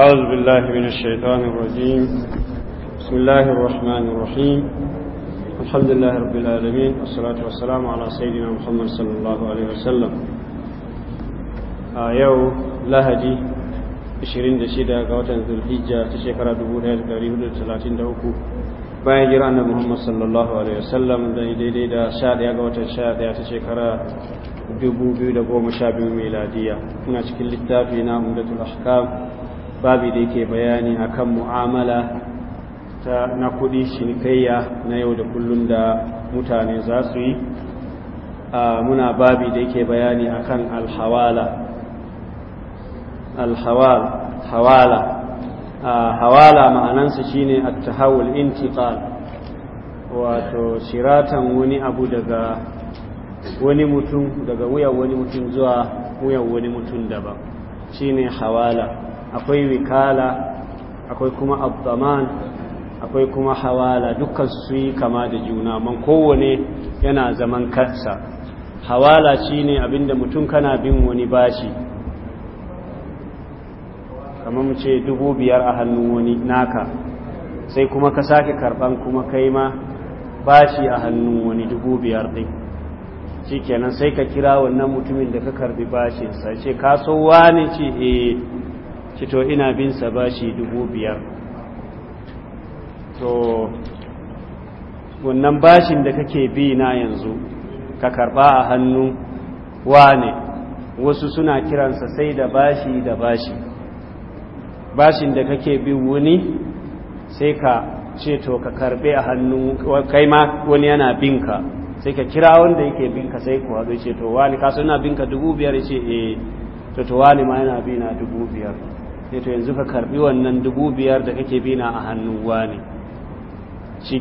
أعوذ بالله من الشيطان الرجيم بسم الله الرحمن الرحيم الحمد لله رب العالمين والصلاة والسلام على سيدنا محمد صلى الله عليه وسلم yau lahadi 26 ga watan zulhijja ta shekara 1433 bayan jira na muhammad sallallahu alaihi wasallam da daidai da 11 ga watan 11 ta shekara 2012 miladiya ina cikin littafi na umdatul ahkam babi da yake bayani akan mu'amala ta na kudi shinikayya na yau da kullum da mutane za su yi muna babi da yake bayani akan alhawala alhawal hawala hawala ma'anansa shine at-tahawul intiqal wato shiratan wani abu daga wani mutum daga wuyan wani mutum zuwa wuyan wani mutum daban shine hawala akwai wikala akwai kuma abdaman akwai kuma hawala dukkan su yi kama da juna man kowane yana zaman kansa hawala shine abinda mutum kana bin wani bashi kama mu ce dubu biyar a hannun wani naka sai kuma ka sake karban kuma kai ma bashi a hannun wani dubu biyar ɗin kenan sai ka kira wannan mutumin da ka karbi sai ce ka so wani ce eh Cito ina bin sa bashi dubu biyar to wannan bashin da kake bi na yanzu ka karba a hannu wane wasu suna kiransa sai da bashi da bashi bashin da kake bi wuni sai ka ce to ka karbe a hannu kai ma wani yana binka sai ka kira wanda yake binka sai ku haɗu ce to wani kasu yana binka dubu biyar ce e to to wani ma yana bi na dubu biyar sai to yanzu ka karbi wannan dubu biyar da kake bina a hannun wani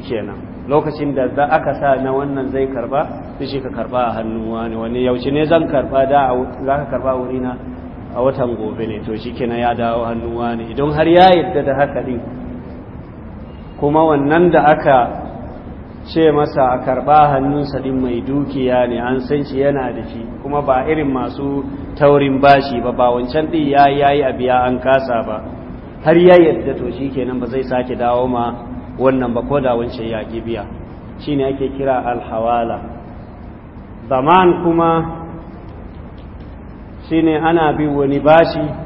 kenan lokacin da za aka sa na wannan zai karba sai shi ka karba a hannun wani wani yaushe ne zan karba da za ka karba wuri na a watan gobe ne to kenan ya dawo hannuwa ne idan har ya yadda da haka din kuma wannan da aka ce masa a karɓa hannunsa ɗin mai dukiya ne an san shi yana da shi kuma ba irin masu taurin bashi ba ba wancan ɗin ya yi a biya an kasa ba har ya yadda to shi kenan ba zai sake dawo ma wannan ba ko da wancan ya ƙi biya shi ne ake kira alhawala zaman kuma shi ne ana bin wani bashi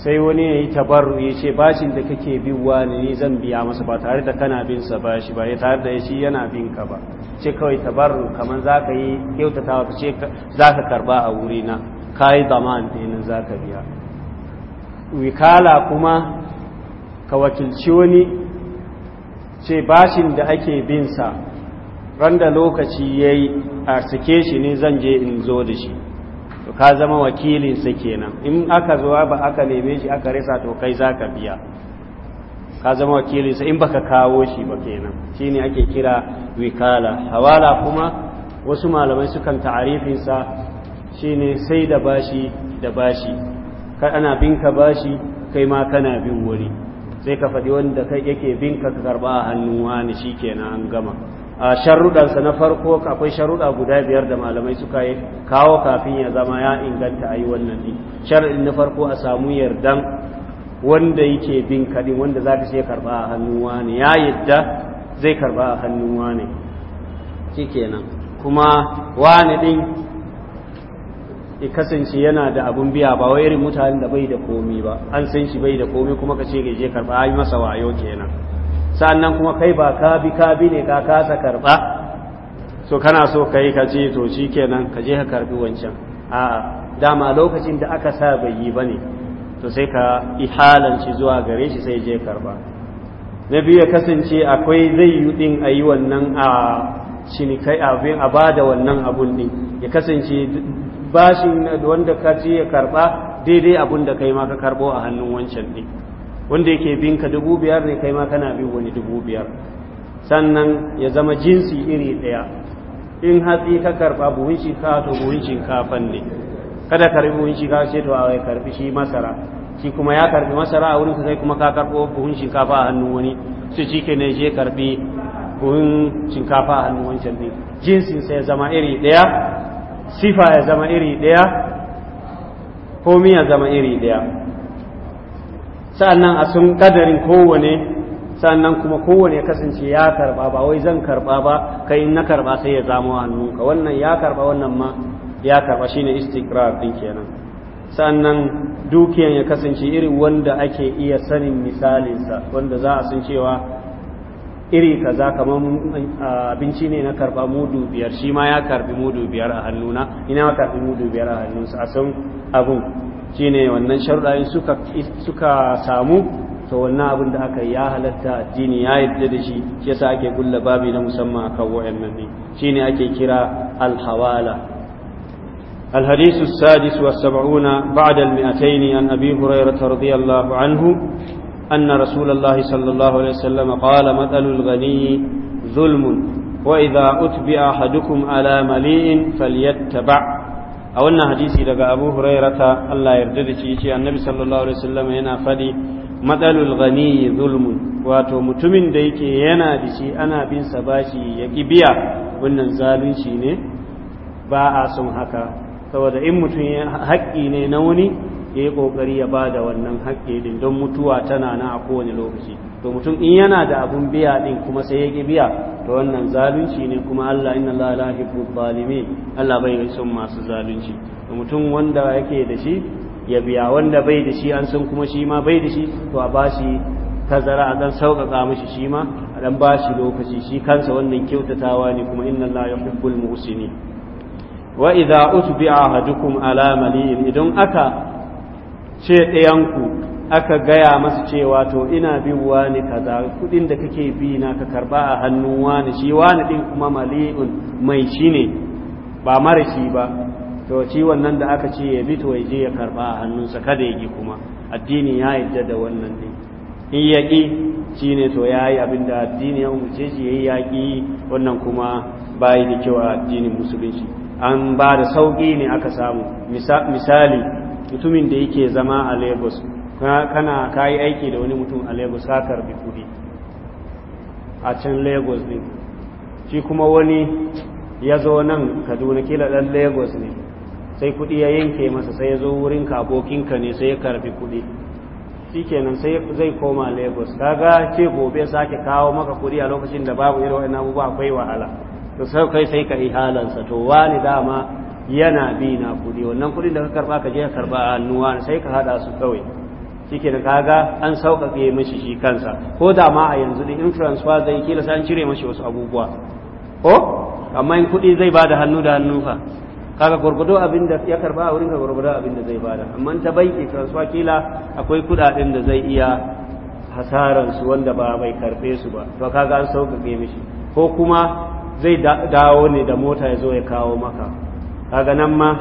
sai wani ya yi tabarru ya ce bashin da kake biwa ne ni zan biya masa ba tare da kana bin sa ba shi ba ya tare da shi yana bin ka ba ce kawai tabarru kamar za ka yi kyautatawa ka ce za ka karba a wurina ka yi zaman ɗinin za ka biya wikala kuma ka wakilci wani ce bashin da ake bin sa ran da lokaci ya yi a sake shi ne zan je in zo da shi ka zama wakilinsa kenan in aka zuwa ba aka neme shi aka risa to kai za ka biya ka zama wakilinsa in baka kawo shi ba kenan shine ake kira wikala hawala kuma wasu malamai sukan ta'arifinsa shine sai da bashi da bashi kar ana binka bashi kai ma kana bin wuri sai ka faɗi wanda kai yake binka ka karba a hannun wani kenan an gama a sharuɗansa na farko akwai sharuɗa guda biyar da malamai suka yi kawo kafin ya zama ya inganta a yi wannan ɗin sharuɗin na farko a samu yardan wanda yake bin kaɗin wanda za ka sai karɓa a hannun wani ya yadda zai karɓa a hannun wani shi kenan kuma wani ɗin ya kasance yana da abun biya ba wai irin mutanen da bai da komi ba an san shi bai da komi kuma ka ce ga je karɓa a yi masa wayo kenan sannan kuma kai ba ka bi ka bi ne ka kasa karba so kana so ka yi ka ce to shi kenan ka je ka karbi wancan a dama lokacin da aka sa bai yi ba ne to sai ka ihalanci zuwa gare shi sai je karba na biyu ya kasance akwai zai yi din a yi wannan a cinikai abin a ba wannan abun din ya kasance bashin wanda ka ce ya karba daidai abun da kai ma ka karɓo a hannun wancan ɗin. wanda yake bin ka dubu biyar ne kai ma kana bin wani dubu biyar sannan ya zama jinsi iri ɗaya in hatsi ka karɓa buhun shinkafa to buhun shinkafan ne kada ka rubu buhun shinkafa ce to a karɓi shi masara shi kuma ya karɓi masara a wurin sai kai kuma ka karɓo buhun shinkafa a hannun wani su shi ke ne je karɓi buhun shinkafa a hannun wancan ne jinsin sai ya zama iri ɗaya sifa ya zama iri ɗaya komi ya zama iri ɗaya sa'annan a sun kadarin kowane sa'annan kuma kowane ya kasance ya karba ba wai zan karba ba kai na karba sai ya zamo hannunka wannan ya karba wannan ma ya karba ne istikrar din kenan sa'annan dukiyan ya kasance irin wanda ake iya sanin misalinsa wanda za a sun cewa iri kaza kamar abinci ne na karba mudu biyar shi ma ya karbi mudu biyar a hannuna ina karbi mudu biyar a hannunsa a san abun ne wannan sharuɗa suka samu to wannan abin da aka ya halatta addini ya yadda da shi shi yasa ake kulla babi na musamman akan wayannan ne ake kira alhawala الحديث السادس والسبعون بعد المئتين عن أبي هريرة رضي الله عنه أن رسول الله صلى الله عليه وسلم قال مثل الغني ظلم وإذا أتبع أحدكم على مليء فليتبع a wannan hadisi daga abu hurairata allah yarda da shi ce annabi sallallahu alaihi wasallam yana fadi matsalul ghani zulmun wato mutumin da yake yana da shi ana bin sa bashi ya biya wannan zalunci ne ba a son haka saboda in mutum haƙƙi ne na wani ya yi ƙoƙari ya ba da wannan haƙƙi din don mutuwa tana na a kowane lokaci to mutum in yana da abun biya din kuma sai ya biya to wannan zalunci ne kuma Allah inna Allah la yuhibbu zalimin Allah bai yi son masu zalunci to mutum wanda yake da shi ya biya wanda bai da shi an san kuma shi ma bai da shi to a bashi tazara a dan sauƙaƙa mishi shi ma a dan bashi lokaci shi kansa wannan kyautatawa ne kuma inna Allah yuhibbul muhsinin wa idza utbi'a ahadukum ala mali'in idan aka ce ɗayan ku. aka gaya masa cewa to ina bin wani kaza kudin da kake bi na ka karba a hannun wani shi wani din kuma mali'un mai shi ne ba mara shi ba to shi wannan da aka ce ya bi to ya je ya karba a hannunsa kada ya yi kuma addini ya yadda da wannan din in ya ƙi shi ne to ya yi abin da addini ya umarce shi ya yi ya ƙi wannan kuma bayi da kyau a addinin musulunci an ba da sauƙi ne aka samu misali mutumin da yake zama a lagos kana ka yi aiki da wani mutum a lagos ka karbi kudi a can lagos ne shi kuma wani ya zo nan kaduna kila dan lagos ne sai kudi ya yanke masa sai ya zo wurin kabokinka ne sai ya karbi kudi kenan sai zai koma lagos ga ce gobe sake kawo maka kudi a lokacin da babu irin wa'annan abubuwa akwai wahala to sai kai sai ka ihalansa to wani dama yana bi na kudi wannan kudin da ka karba ka je ka karba a hannuwa sai ka hada su kawai Cikin kaga an sauƙaƙe mishi shi kansa ko da ma a yanzu da in transfer zai kila sai an cire mishi wasu abubuwa ko amma in kuɗi zai bada hannu da hannu fa kaga gurgudo abin da ya karba a wurin ka gurgudo abin da zai bada amma ta banki transfer kila akwai kuɗaɗen da zai iya hasaran su wanda ba bai karbe su ba to kaga an sauƙaƙe mishi ko kuma zai dawo ne da mota ya zo ya kawo maka kaga nan ma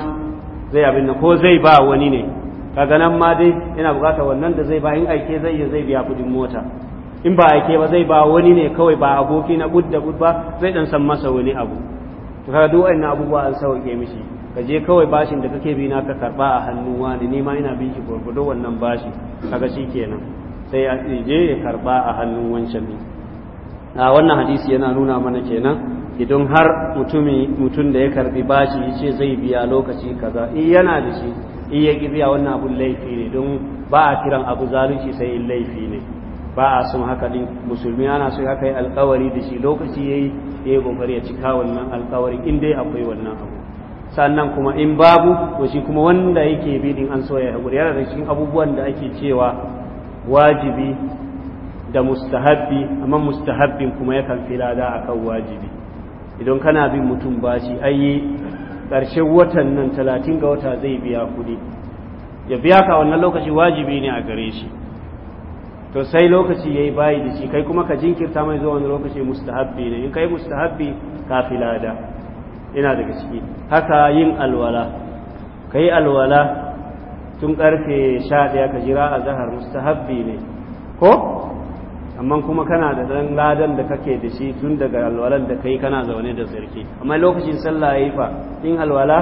zai abin ko zai ba wani ne kaga nan ma dai yana bukatar wannan da zai ba in aike zai yi zai biya kudin mota in ba aike ba zai ba wani ne kawai ba aboki na gudda da ba zai dan san masa wani abu to kaga duk wannan abubuwa an sauke mishi ka je kawai bashin da kake bi na ka karba a hannu wani ne ma ina bin shi gurgudo wannan bashi kaga kenan sai a je ya karba a hannun wancan ne a wannan hadisi yana nuna mana kenan idan har mutum da ya karbi bashi ya ce zai biya lokaci kaza in eh, yana da shi iya gibiya wannan abun laifi ne don ba a kiran abu zalunci sai in laifi ne ba a sun haka din musulmi ana so haka yi alkawari da shi lokaci ya ya yi kokari ya cika wannan alkawari in dai akwai wannan abu sannan kuma in babu to shi kuma wanda yake bi din an soya ya yana da cikin abubuwan da ake cewa wajibi da mustahabbi amma mustahabbin kuma yakan fi lada akan wajibi idan kana bin mutum bashi ai ƙarshen watan nan talatin ga wata zai biya kuɗi ya biya ka wannan lokaci wajibi ne a gare shi to sai lokaci ya yi bayi da shi kai kuma ka jinkirta mai zuwa wani lokaci mustahabbi ne in kai mustahabbi ka filada ina daga ciki haka yin alwala ka yi alwala tun karfe sha ɗaya ka jira a zahar mustahabbi ne ko amma kuma kana da dan ladan da kake da shi tun daga alwalan da kai kana zaune da sarki amma lokacin sallah yayi fa in alwala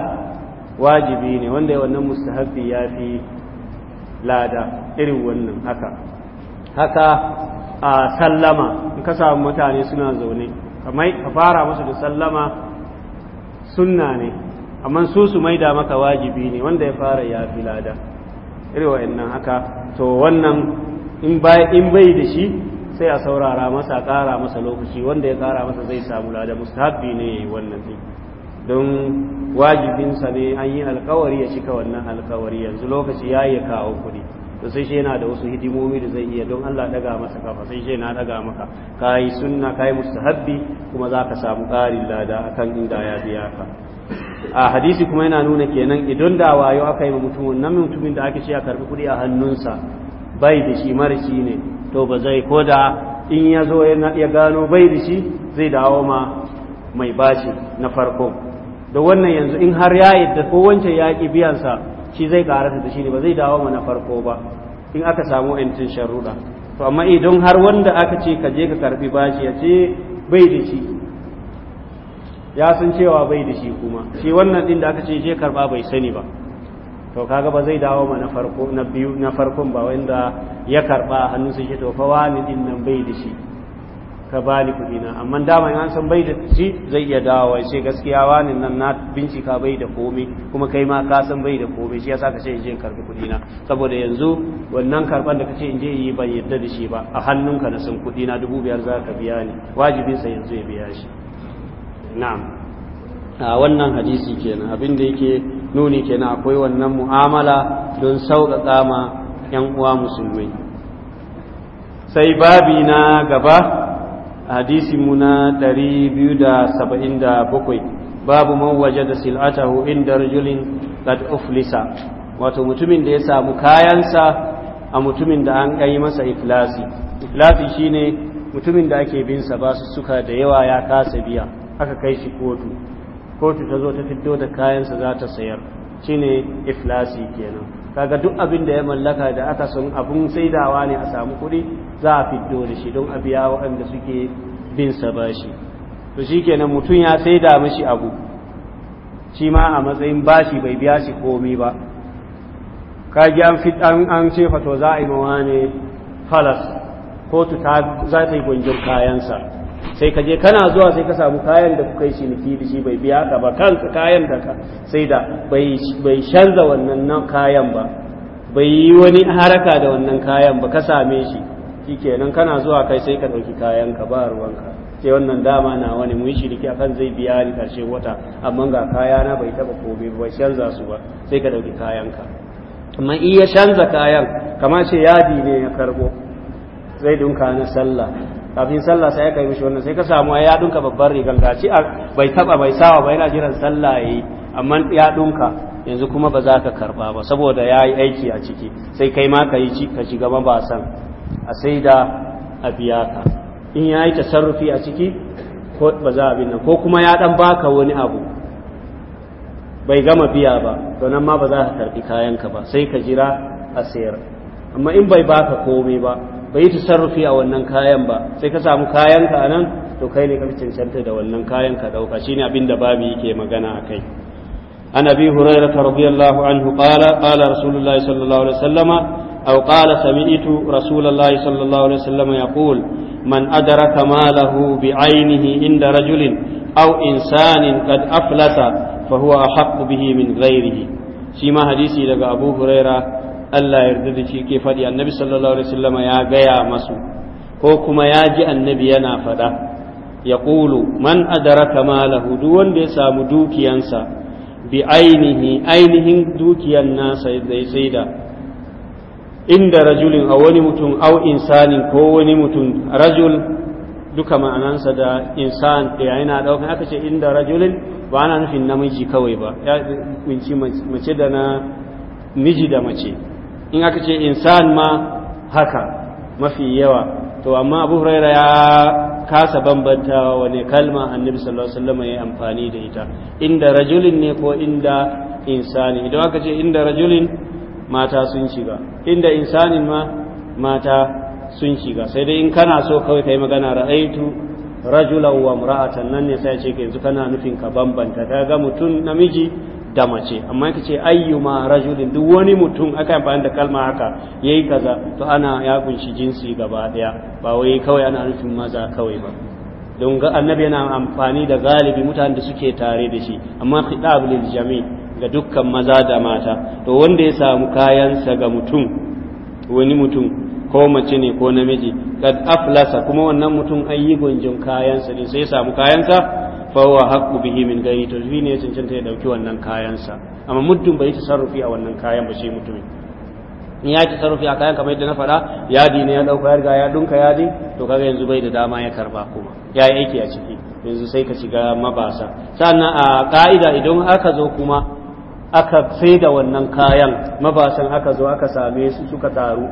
wajibi ne wanda ya wannan mustahabi ya fi lada irin wannan haka haka a sallama in ka samu mutane suna zaune kamar ka fara musu da sallama sunna ne amma su su maida maka wajibi ne wanda ya fara ya fi lada irin wa'annan haka to wannan in bai da shi sai a saurara masa kara masa lokaci wanda ya kara masa zai samu lada mustahabbi ne wannan din don wajibinsa ne an yi alkawari ya cika wannan alkawari yanzu lokaci ya yi kawo kuɗi to sai shi yana da wasu hidimomi da zai iya don Allah daga masa kafa sai shi yana daga maka kayi sunna yi mustahabbi kuma za ka samu ƙarin lada akan inda ya biya ka a hadisi kuma yana nuna kenan idan da wayo aka yi mutumin nan mutumin da ake ce a karbi kuɗi a hannunsa bai da shi marashi ne to ba zai ko da in ya zo ya gano bai da shi zai dawo ma mai bashi na farko da wannan yanzu in har ya yadda ko wancan ya ƙi biyansa shi zai karata da shi ne ba zai dawo ma na farko ba in aka samu yancin sharuɗa to amma idan har wanda aka ce ka je ka karbi bashi ya ce bai da shi ya san cewa bai da shi kuma shi wannan din da aka ce je karba bai sani ba to kaga ba zai dawo ma na farko na biyu na farkon ba wanda ya karba hannun su shi to fa wani din nan bai da shi ka bani kuɗi na amma dama in an san bai da shi zai iya dawo sai gaskiya wani nan na bincika bai da komai kuma kai ma ka san bai da komai shi yasa ka ce in je karbi kuɗi na saboda yanzu wannan karban da ka ce in je yi ban yadda da shi ba a hannunka na san kuɗi na dubu biyar za ka biya ni wajibinsa yanzu ya biya shi na'am a wannan hadisi kenan abin da yake nuni kenan akwai wannan mu'amala don sauƙaƙa ma 'yan uwa musulmai sai babi na gaba hadisi mu na 277 babu mawaje da sil'atahu inda rajulin qad uflisa wato mutumin da ya samu kayansa a mutumin da an kai masa iflasi iflasi shine mutumin da ake bin sa ba su suka da yawa ya kasa biya aka kai shi kotu kotu ta zo ta fito da kayansa za ta sayar shi ne iflasi kenan kaga duk abin da ya mallaka da aka sun abun saidawa ne a samu kuɗi za a fito da shi don a biya waɗanda suke bin sa bashi to shi kenan mutum ya saida mishi abu shi ma a matsayin bashi bai biya shi komai ba kaji an fi an an ce fa to za a yi mawa ne falas kotu ta za ta yi kayansa sai ka je kana zuwa sai ka samu kayan da kuka yi ciniki da shi bai biya ka ba kanka kayan da ka sai da bai canza wannan nan kayan ba bai yi wani haraka da wannan kayan ba ka same shi shi nan kana zuwa kai sai ka ɗauki kayan ka ba ruwanka sai wannan dama na wani mun shiriki akan zai biya ni karshe wata amma ga kaya na bai taba komai ba canza su ba sai ka ɗauki kayan ka amma iya canza kayan kamar ce yadi ne ya karbo zai dunka na sallah kafin sallah sai aka yi mishi wannan sai ka samu ya dunka babbar rigar gaci bai taba bai sawa ba yana jiran sallah yayi amma ya dunka yanzu kuma ba za ka karba ba saboda ya yi aiki a ciki sai kai ma ka yi ci ka shiga mabasan a sai da a biya ka in ya yi tasarrufi a ciki ko ba za a bin nan ko kuma ya dan baka wani abu bai gama biya ba to nan ma ba za ka karbi kayanka ba sai ka jira a sayar amma in bai baka komai ba ba yi tasarrufi a wannan kayan ba sai ka samu kayanka a nan to kai ne ka cancanta da wannan kayan ka dauka ne abin da babu yake magana akai an abi hurairah radiyallahu anhu qala qala rasulullahi sallallahu alaihi wasallama aw qala sami'tu rasulullahi sallallahu alaihi wasallama yaqul man adraka malahu bi'ainihi inda rajulin aw insanin qad aflata fa huwa ahqqu bihi min ghairihi shi ma hadisi daga abu hurairah Allah ya yarda da shi ke faɗi annabi sallallahu alaihi wasallam ya gaya masu ko kuma ya ji annabi yana faɗa ya ƙulu man adaraka malahu duk wanda ya samu dukiyansa bi ainihi ainihin dukiyan nasa zai saida inda rajulin a wani mutum au insanin ko wani mutum rajul duka ma'anansa da insan ɗaya yana ɗaukan aka ce inda rajulin ba ana nufin namiji kawai ba ya kunci mace da na miji da mace in aka ce insan ma haka mafi yawa to amma abu huraira ya kasa bambanta wani kalma annabi sallallahu alaihi wasallam ya amfani da ita inda rajulin ne ko inda insani idan aka ce inda rajulin mata sun shiga inda insanin ma mata sun shiga sai dai in kana so kawai kai magana ra'aitu rajulan wa mura'atan nan ne sai ce yanzu kana nufin ka bambanta ga mutum namiji da mace amma yake ce ayyuma rajulin duk wani mutum aka yi amfani da kalma haka yayi kaza to ana ya kunshi jinsi gaba daya ba wai kawai ana nufin maza kawai ba don ga annabi yana amfani da galibi mutanen da suke tare da shi amma khitab lil jami ga dukkan maza da mata to wanda ya samu kayansa ga mutum wani mutum ko mace ne ko namiji kad aflasa kuma wannan mutum ayyukan jin kayansa ne sai ya samu kayansa fawa haƙu bihi min gairi to shi ne ya cancanta ya ɗauki wannan kayansa amma muddin bai tasarrufi a wannan kayan ba shi mutumin in ya tasarrufi a kayan kamar yadda na faɗa yadi ne ya ɗauka ya riga ya dunka yadi to kaga yanzu bai da dama ya karba kuma ya yi aiki a ciki yanzu sai ka shiga mabasa sannan a ka'ida idan aka zo kuma aka sai da wannan kayan mabasan aka zo aka same su suka taru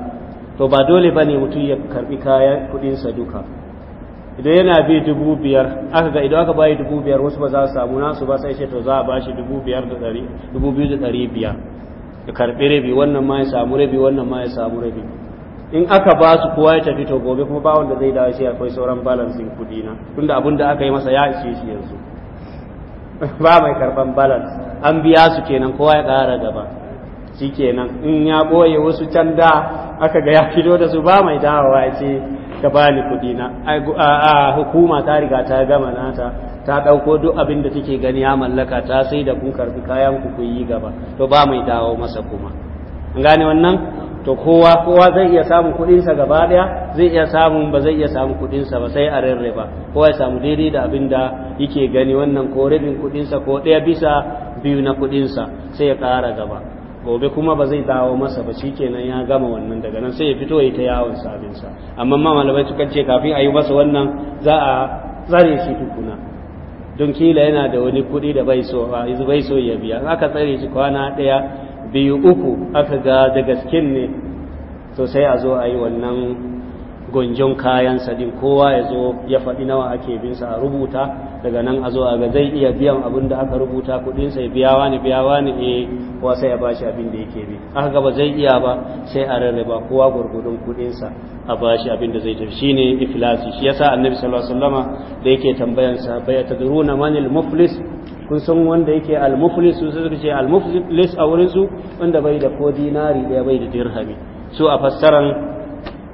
to ba dole ba ne mutum ya karbi kayan kuɗinsa duka idan yana bi dubu biyar aka ga idan aka bayi dubu biyar wasu ba za su samu nasu ba sai ce to za a bashi dubu biyar da ɗari dubu biyu da ɗari biyar ya karɓi rabi wannan ma ya samu rabi wannan ma ya samu rabi in aka ba su kowa ya tafi to gobe kuma ba wanda zai dawo shi akwai sauran balansin kuɗi na tunda abin da aka yi masa ya ishe shi yanzu ba mai karɓan balans an biya su kenan kowa ya ƙara gaba shi kenan in ya ɓoye wasu can da aka ga ya fito da su ba mai dawowa ya ce ka bani kuɗi na a hukuma ta riga ta gama nata ta ɗauko duk abin da take gani ya mallaka ta sai da kun karbi kayan ku kun yi gaba to ba mai dawo masa kuma an gane wannan to kowa kowa zai iya samun kuɗinsa gaba ɗaya zai iya samun ba zai iya samun kuɗinsa ba sai a rarraba kowa ya samu daidai da abin da yake gani wannan ko rabin kuɗinsa ko daya bisa biyu na kuɗinsa sai ya kara gaba gobe kuma ba zai dawo masa ba shi kenan ya gama wannan daga nan sai ya fito ya ta yawon sabinsa amma ma malamai sukan ce kafin a yi masa wannan za a tsare shi tukuna don kila yana da wani kuɗi da bai so bai so ya biya aka tsare shi kwana ɗaya biyu uku aka ga da gaskin ne to sai a zo ayi yi wannan gonjon kayan sadin kowa ya zo ya faɗi nawa ake binsa a rubuta daga nan a zo a ga zai iya biyan abin da aka rubuta kuɗin ya biya wani biya wani e eh, kowa sai ya bashi abin da yake bi aka gaba zai iya ba sai a rarraba kowa gwargwadon sa a bashi abin da zai tafi shine iflasi shi yasa annabi sallallahu alaihi wasallama da yake tambayan sahabbai atadruna manil muflis kun san wanda yake al muflis su suka ce al muflis a wurin su wanda bai da ko dinari da bai da dirhami su a fassaran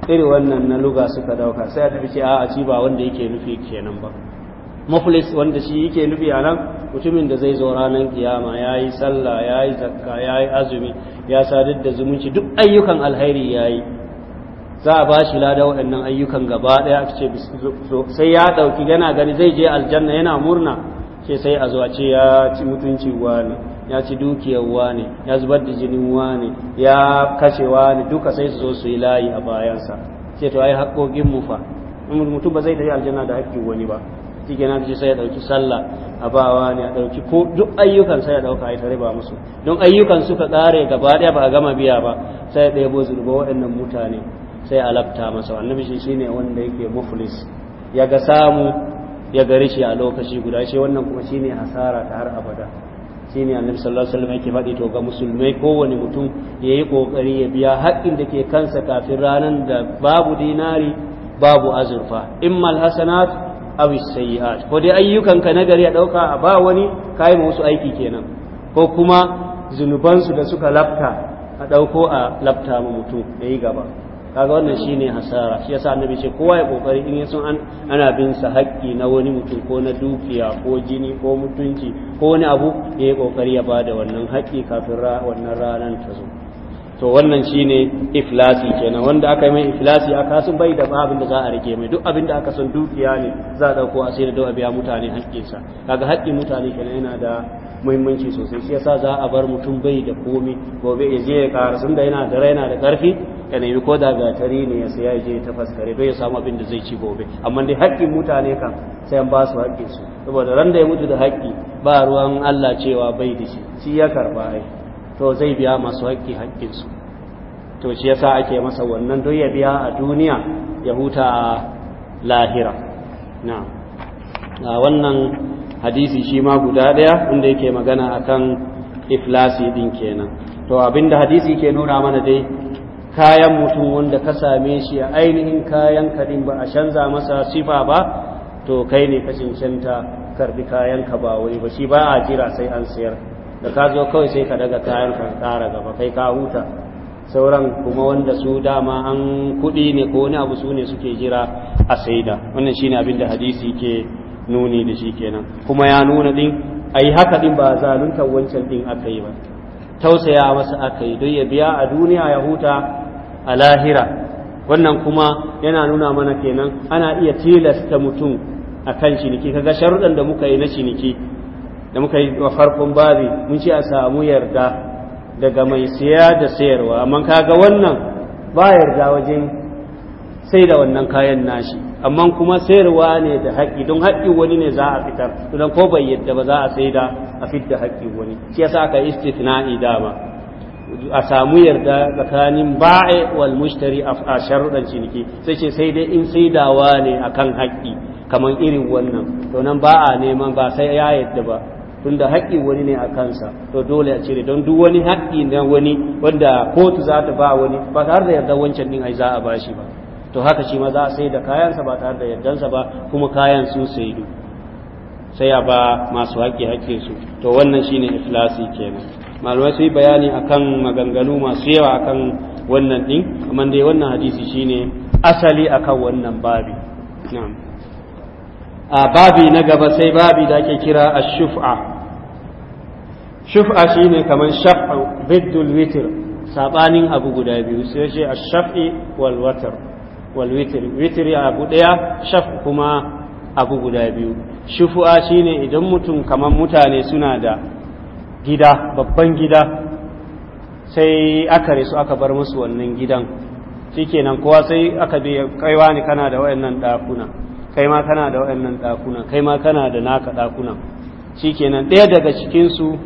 irin wannan na luga suka dauka sai a ce a ci ba wanda yake nufi kenan ba moflis wanda shi yake nufi a nan mutumin da zai zo ranar kiyama ya yi sallah ya yi zakka ya yi azumi ya sadar da zumunci duk ayyukan alhairi ya yi za a ba shi lada waɗannan ayyukan gaba ɗaya a ce sai ya ɗauki yana gani zai je aljanna yana murna ce sai a zuwa ya ci mutunci wani ya ci dukiyar wane ya zubar da jinin wane ya kashe wane duka sai su zo su yi layi a bayansa sai to ai haƙoƙin mu fa mutum ba zai tafi aljanna da haƙƙin wani ba na ji sai ya ɗauki sallah a bawa ne a ɗauki ko duk ayyukan sai ya ɗauka a tare ba musu don ayyukan suka ƙare gaba ɗaya ba a gama biya ba sai ya ɗebo ba waɗannan mutane sai a lafta masa annabi shi shine wanda yake muflis ya ga samu ya ga rishi a lokaci guda shi wannan kuma shine hasara ta har abada ne annabi sallallahu alaihi wasallam yake faɗi to ga musulmai kowane mutum yayi kokari ya biya haƙƙin da ke kansa kafin ranar da babu dinari babu azurfa imal hasanat aw sayyi'at ko dai ayyukan ka gari ya ɗauka a ba wani kai ma wasu aiki kenan ko kuma zunubansu da suka lafta a dauko a lafta mu mutum yayi gaba kaga wannan shine hasara shi yasa annabi ce kowa ya kokari in yasan an ana bin sa haƙƙi na wani mutum ko na dukiya ko jini ko mutunci ko wani abu ya yi kokari ya bada wannan haƙƙi kafin wannan ranar ta zo to wannan shine iflasi kenan wanda aka yi mai iflasi aka sun bai da abin da za a rike mai duk abin da aka san dukiya ne za a dauko a sai da a biya mutane haƙƙinsa kaga hakkin mutane kenan yana da muhimmanci sosai shi yasa za a bar mutum bai da komi gobe ya je ya ƙara sun da yana da rai yana da ƙarfi ya nemi ko da gatari ne ya saya ya je ta faskare bai ya samu abin da zai ci gobe amma dai hakkin mutane kan sai an ba su haƙƙinsu saboda ran da ya mutu da haƙƙi ba ruwan Allah cewa bai da shi shi ya karɓa ai to zai biya masu haƙƙi haƙƙinsu to shi yasa ake masa wannan don ya biya a duniya ya huta a lahira na wannan hadisi shi ma guda ɗaya inda yake magana a kan iflasi ɗin kenan to abinda hadisi ke nuna mana dai kayan mutum wanda ka same shi a ainihin kayan kadin ba a canza masa sifa ba to kai ne ka cancanta karbi kayan ka ba wai ba shi ba a jira sai an sayar da ka zo kawai sai ka daga kayan ka tsara gaba kai ka huta sauran kuma wanda su dama an kuɗi ne ko wani abu su ne suke jira a saida wannan shine abin da hadisi ke nuni da shi kenan kuma ya nuna din ai haka din ba zalunta wancan din aka yi ba tausaya masa aka yi don ya biya a duniya ya huta a lahira wannan kuma yana nuna mana kenan ana iya tilasta mutum a kan ciniki kaga sharuɗan da muka yi na ciniki da muka yi wa farkon babi mun ce a samu yarda daga mai siya da sayarwa amma kaga wannan ba yarda wajen sai da wannan kayan nashi amma kuma sayarwa ne da haƙƙi don haƙi wani ne za a fitar don ko bai yadda ba za a sai da a fit da haƙi wani shi yasa aka istithna'i dama a samu yarda tsakanin ba'i wal mushtari a sharuɗan ciniki sai ce sai dai in saidawa ne akan haƙƙi kamar irin wannan to nan ba a neman ba sai ya yadda ba tunda haƙƙi wani ne a kansa to dole a cire don duk wani haƙƙi na wani wanda kotu za ta ba wani ba tare da yarda wancan din ai za a bashi ba to haka shi ma za a sai da kayansa ba tare da sa ba kuma kayan sun sai du sai a ba masu haƙƙi haƙƙin su to wannan shine ikhlasi kenan malamai sai bayani akan maganganu masu yawa akan wannan din amma dai wannan hadisi shine asali akan wannan babi na'am a babi na gaba sai babi da ake kira a shuf'a shuf'a shi ne kamar shaf'a biddul witir saɓanin abu guda biyu sai shi a shaf'i wal watar witir ya abu ɗaya shaf kuma abu guda biyu Shuf'a shi ne idan mutum kamar mutane suna da gida babban gida sai aka resu aka bar musu wannan gidan shikenan kowa sai aka bi kaiwa ne kana da wayannan ɗakuna kai ma kana da waɗannan ɗakunan kai ma kana da naka ɗakunan shikenan ɗaya daga cikinsu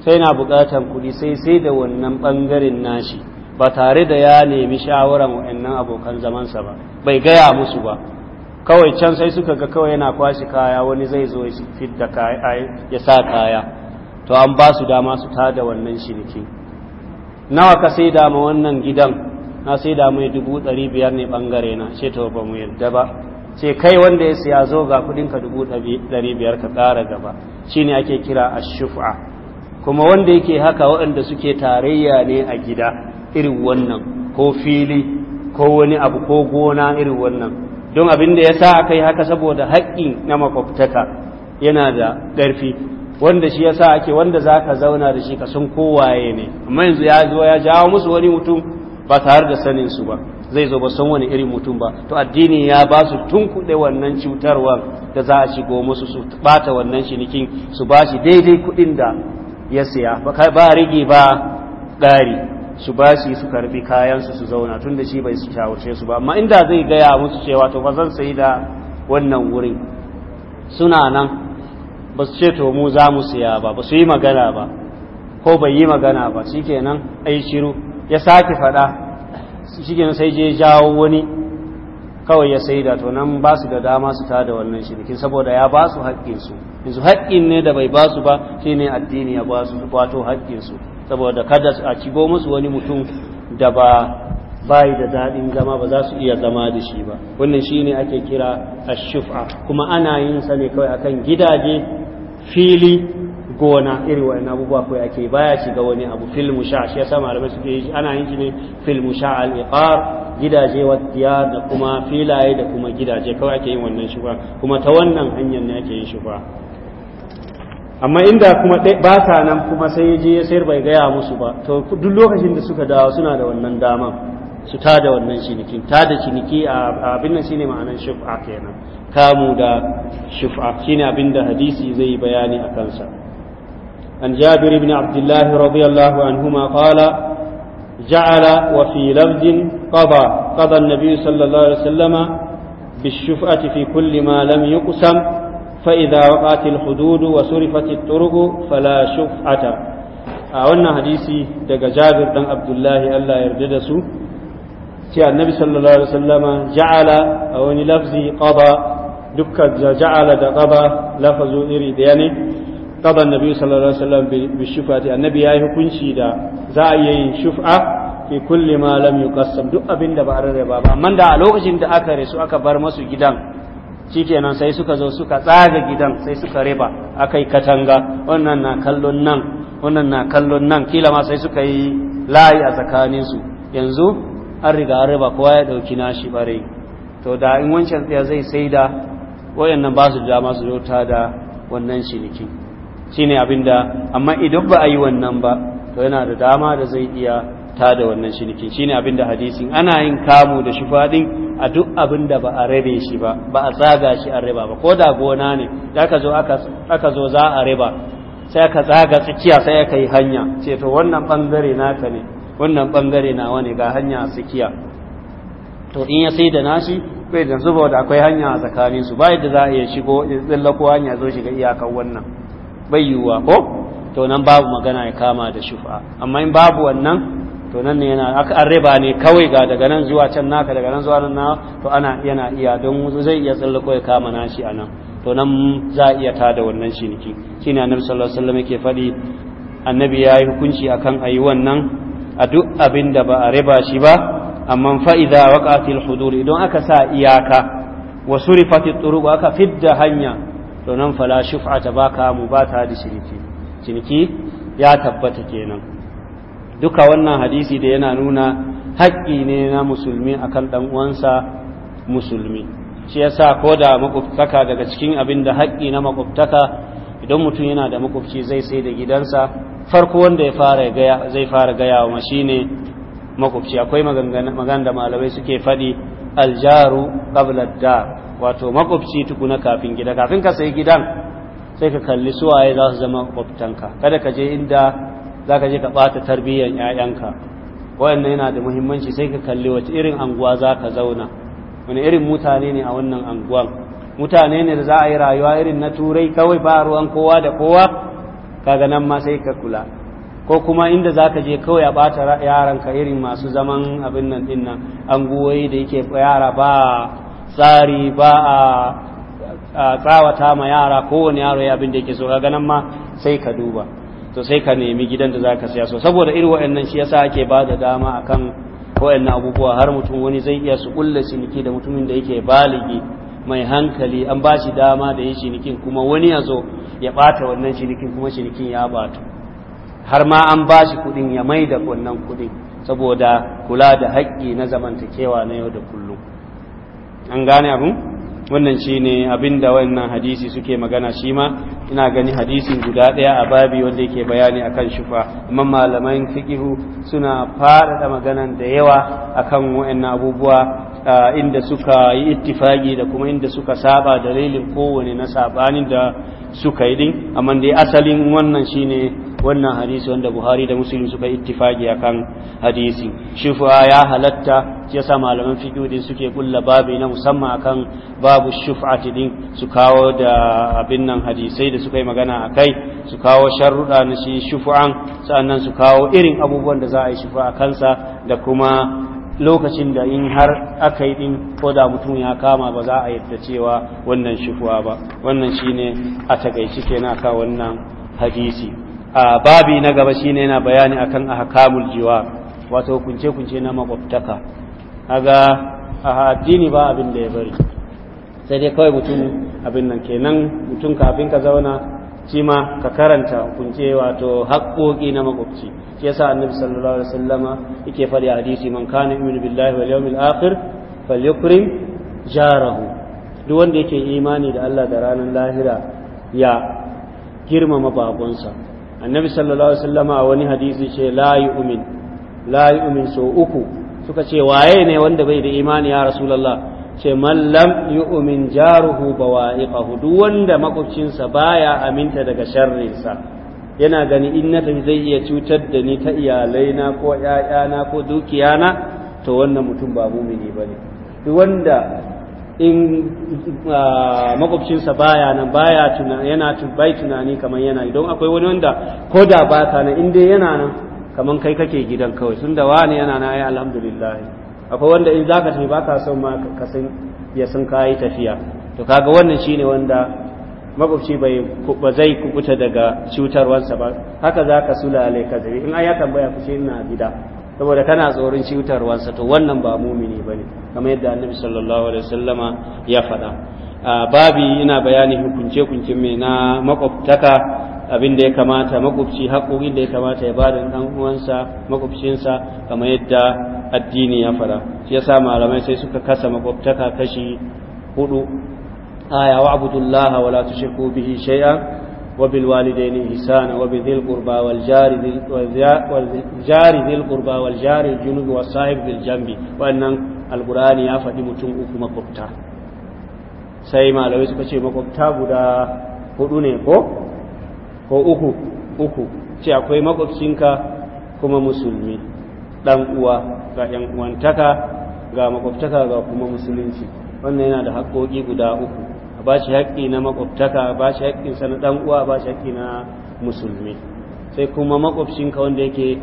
sai na buƙatar kuɗi sai sai da wannan ɓangaren nashi ba tare da ya nemi shawaran waɗannan abokan zamansa ba bai gaya musu ba kawai can sai suka ga kawai yana kwashi kaya wani zai zo ya sa kaya to an ba su dama su da wannan shirki nawa ka sai da ma wannan gidan na sai da mai dubu ɗari biyar ne ɓangare na ce to ba mu yarda ba ce kai wanda ya siya zo ga kudinka dubu ɗari biyar ka tsara gaba shine ake kira a shuf'a kuma wanda yake haka waɗanda suke tarayya ne a gida irin wannan ko fili ko wani abu ko gona irin wannan don abin da ya sa aka yi haka saboda haƙƙi na makwabtaka yana da ƙarfi wanda shi ya sa ake wanda za ka zauna da shi ka sun kowaye ne amma yanzu ya zo ya jawo musu wani mutum ba tare da saninsu ba zai zo ba san wani irin mutum ba to addini ya ba su tunkuɗe wannan cutarwa da za a shigo musu su bata wannan shinikin su ba shi daidai kuɗin da ya siya ba rage ba ɗari su ba shi su karbi kayansu su zauna tun da shi bai su shawarce su ba amma inda zai gaya musu cewa to ba zan sayi da wannan wurin suna nan ba su ce to mu za mu siya ba ba su yi magana ba ko bai yi magana ba shikenan ai shiru ya sake faɗa shikenan sai je jawo wani kawai ya saida da to nan ba su da dama su ta da wannan shirkin saboda ya ba su haƙƙinsu yanzu haƙƙin ne da bai ba su ba shi ne addini ya ba su wato haƙƙinsu saboda kada a cigo musu wani mutum da ba bayi da daɗin zama ba za su iya zama da shi ba wannan shi ne ake kira ashuf'a kuma ana yin sa ne kawai akan gidaje fili gona irin ina abubuwa ko ake baya shiga wani abu fil musha shi yasa malamai suke yi ana yin shi ne fil musha al iqar gidaje wa diyar da kuma filaye da kuma gidaje kawai ake yin wannan shuka kuma ta wannan hanyar ne ake yin shuka amma inda kuma ba sa nan kuma sai ya je ya sayar bai gaya musu ba to duk lokacin da suka dawo suna da wannan dama su ta da wannan ciniki ta da ciniki a abin nan shine ma'anar shuf'a kenan kamu da shuf'a shine abin da hadisi zai bayani a kansa عن جابر بن عبد الله رضي الله عنهما قال جعل وفي لفظ قضى قضى النبي صلى الله عليه وسلم بالشفعة في كل ما لم يقسم فإذا وقعت الحدود وصرفت الطرق فلا شفعة a wannan hadisi daga jabir dan abdullahi Allah yarda da su ce annabi sallallahu ja'ala a wani lafzi qada dukkan ja'ala da qada lafazu iri daya ne qada annabi sallallahu alaihi wasallam bi shufati annabi yayi hukunci da za a yi shuf'a fi kulli ma lam yuqassam duk abin da ba a rarraba ba amma da a lokacin da aka rasu aka bar masu gidan shikenan sai suka zo suka tsaga gidan sai suka riba akai katanga wannan na kallon nan wannan na kallon nan kila ma sai suka yi layi a su yanzu an riga an riba kowa ya dauki nashi bare to da in wancan tsaya zai sai da wayannan ba su dama su zo ta da wannan ciniki shine abinda amma idan ba a yi wannan ba to yana da dama da zai iya ta da wannan ne shine abinda hadisin ana yin kamu da shi fadin a duk abin da ba a rabe shi ba ba a tsaga shi a riba ba ko da gona ne da aka zo aka zo za a riba sai aka tsaga tsakiya sai aka yi hanya ce to wannan bangare naka ne wannan bangare nawa ne ga hanya a tsakiya to in ya sai da nashi bai da zuba da akwai hanya a tsakaninsu ba yadda za a iya shigo ya tsallako hanya zo shiga iyakar wannan bai yiwuwa ko to nan babu magana ya kama da shufa amma in babu wannan to nan ne yana an riba ne kawai ga daga nan zuwa can naka daga nan zuwa nan na to ana yana iya don zai iya tsallako ya kama nashi a nan to nan za a iya da wannan shi ne annabi sallallahu alaihi wasallam yake faɗi annabi ya yi hukunci akan ayi wannan a duk abin da ba a riba shi ba amma fa idza waqatil hudur idan aka sa iyaka wa surifatit turuq aka fidda hanya to nan fala shuf'ata baka mu ba ta da ciniki ciniki ya tabbata kenan duka wannan hadisi da yana nuna haƙƙi ne na musulmi akan dan uwansa musulmi shi yasa ko da makwabtaka daga cikin abin da haƙƙi na makwabtaka idan mutum yana da makwabci zai sai da gidansa farko wanda ya fara gaya zai fara gaya wa shine makwabci akwai magana da malamai suke faɗi aljaru qabla dar wato makwabci tukuna kafin gida kafin ka sai gidan sai ka kalli suwaye za su zama makwabtanka kada ka je inda za ka je ka ɓata tarbiyyar 'ya'yanka wayannan yana da muhimmanci sai ka kalli wace irin anguwa za ka zauna wani irin mutane ne a wannan anguwan mutane ne da za a yi rayuwa irin na turai kawai ba ruwan kowa da kowa kaga nan ma sai ka kula ko kuma inda za ka je kawai a ɓata yaranka irin masu zaman abin nan ɗin nan anguwoyi da yake yara ba tsari ba a tsawata ma yara kowane yaro ya abin da yake so ga ma sai ka duba to sai ka nemi gidan da za ka siya so saboda irin waɗannan shi yasa ake ba da dama a kan waɗannan abubuwa har mutum wani zai iya su kulle ciniki da mutumin da yake baligi mai hankali an ba shi dama da yi shinikin kuma wani ya zo ya ɓata wannan shinikin kuma cinikin ya bata har ma an ba shi kuɗin ya mai da wannan kuɗin saboda kula da haƙƙi na zamantakewa na yau da kullum an gane abin wannan shi ne abin da wannan hadisi suke magana shi ma ina gani hadisin guda ɗaya a babi wanda yake bayani akan shufa amma malaman fikihu suna faɗaɗa magana da yawa akan wa'annan abubuwa inda suka yi ittifaki da kuma inda suka saba dalilin kowane na sabanin da suka yi din amma dai asalin wannan shine wannan hadisi wanda buhari da muslim suka ittifaki akan hadisi shi fa ya halatta ya sa malaman fiqh suke kulla babi na musamman akan babu shuf'ati din su kawo da abin nan hadisai da suka yi magana akai su kawo sharruda na shi shuf'an sannan su kawo irin abubuwan da za a yi shufa a kansa da kuma lokacin da in har aka yi din ko da mutum ya kama ba za a yadda cewa wannan shufuwa ba wannan shine a takaici kenan akan wannan hadisi a babi na gaba shine yana bayani akan ahkamul jiwa wato kunce kunce na makwabtaka kaga a addini ba abin da ya bari sai dai kawai mutum abin nan kenan mutum kafin ka zauna shi ma ka karanta kunce wato haƙoƙi na makwabci shi yasa annabi sallallahu alaihi wasallama yake faɗi a hadisi man kana yu'minu billahi wal yawmil akhir falyukrim jarahu duk wanda yake imani da Allah da ranar lahira ya girmama babonsa annabi sallallahu alaihi wasallama a wani hadisi ce la yu'min la yu'min so uku suka ce waye ne wanda bai da imani ya rasulullah ce man lam yu'min jaruhu bawa'iqahu duk wanda makwabcinsa baya aminta daga sharrinsa yana gani in na tafi zai iya cutar da ni ta iyalaina ko ƴaƴana ko dukiyana to wannan mutum ba mumini bane duk wanda in uh, makwabcinsa baya nan baya tunani yana bai tunani kamar yana don akwai wani wanda ko da ba ka nan in dai yana nan kamar kai kake gidan kawai sun da wani yana na ya alhamdulillah akwai wanda in zaka tafi baka son ma ka san ya sun kai tafiya to kaga wannan shine wanda makwabci bai ba zai kubuta daga cutarwarsa ba haka zaka sulale ka in ai ya tambaya ku ina gida saboda kana tsoron cutarwarsa to wannan ba mumini ba ne kamar yadda annabi sallallahu alaihi wasallama ya faɗa babi ina bayani hukunce hukunce mai na makwabtaka abin da ya kamata makwabci haƙoƙin da ya kamata ya bada ɗan uwansa makwabcinsa kamar yadda addini ya faɗa shi yasa malamai sai suka kasa makwabtaka kashi hudu aya wa abudullaha wala tushriku bihi shay'an وبالوالدين إحسانا وبذي القربى والجار ذي القربى والجار الجنوب والصاحب بالجنب وأن القرآن يفدي متن أكو مقبتا سيما لو يسكتش مقبتا بدا هدوني كو ko uku uku شيء akwai makwabcinka سنكا كما مسلمي uwa أوا yan uwantaka ga مقبتكا ga kuma musulunci wannan yana da haƙoƙi guda a ba shi haƙƙi na makwabtaka a ba shi haƙƙinsa na ɗan uwa a ba shi haƙƙi na musulmi sai kuma makwabcinka wanda yake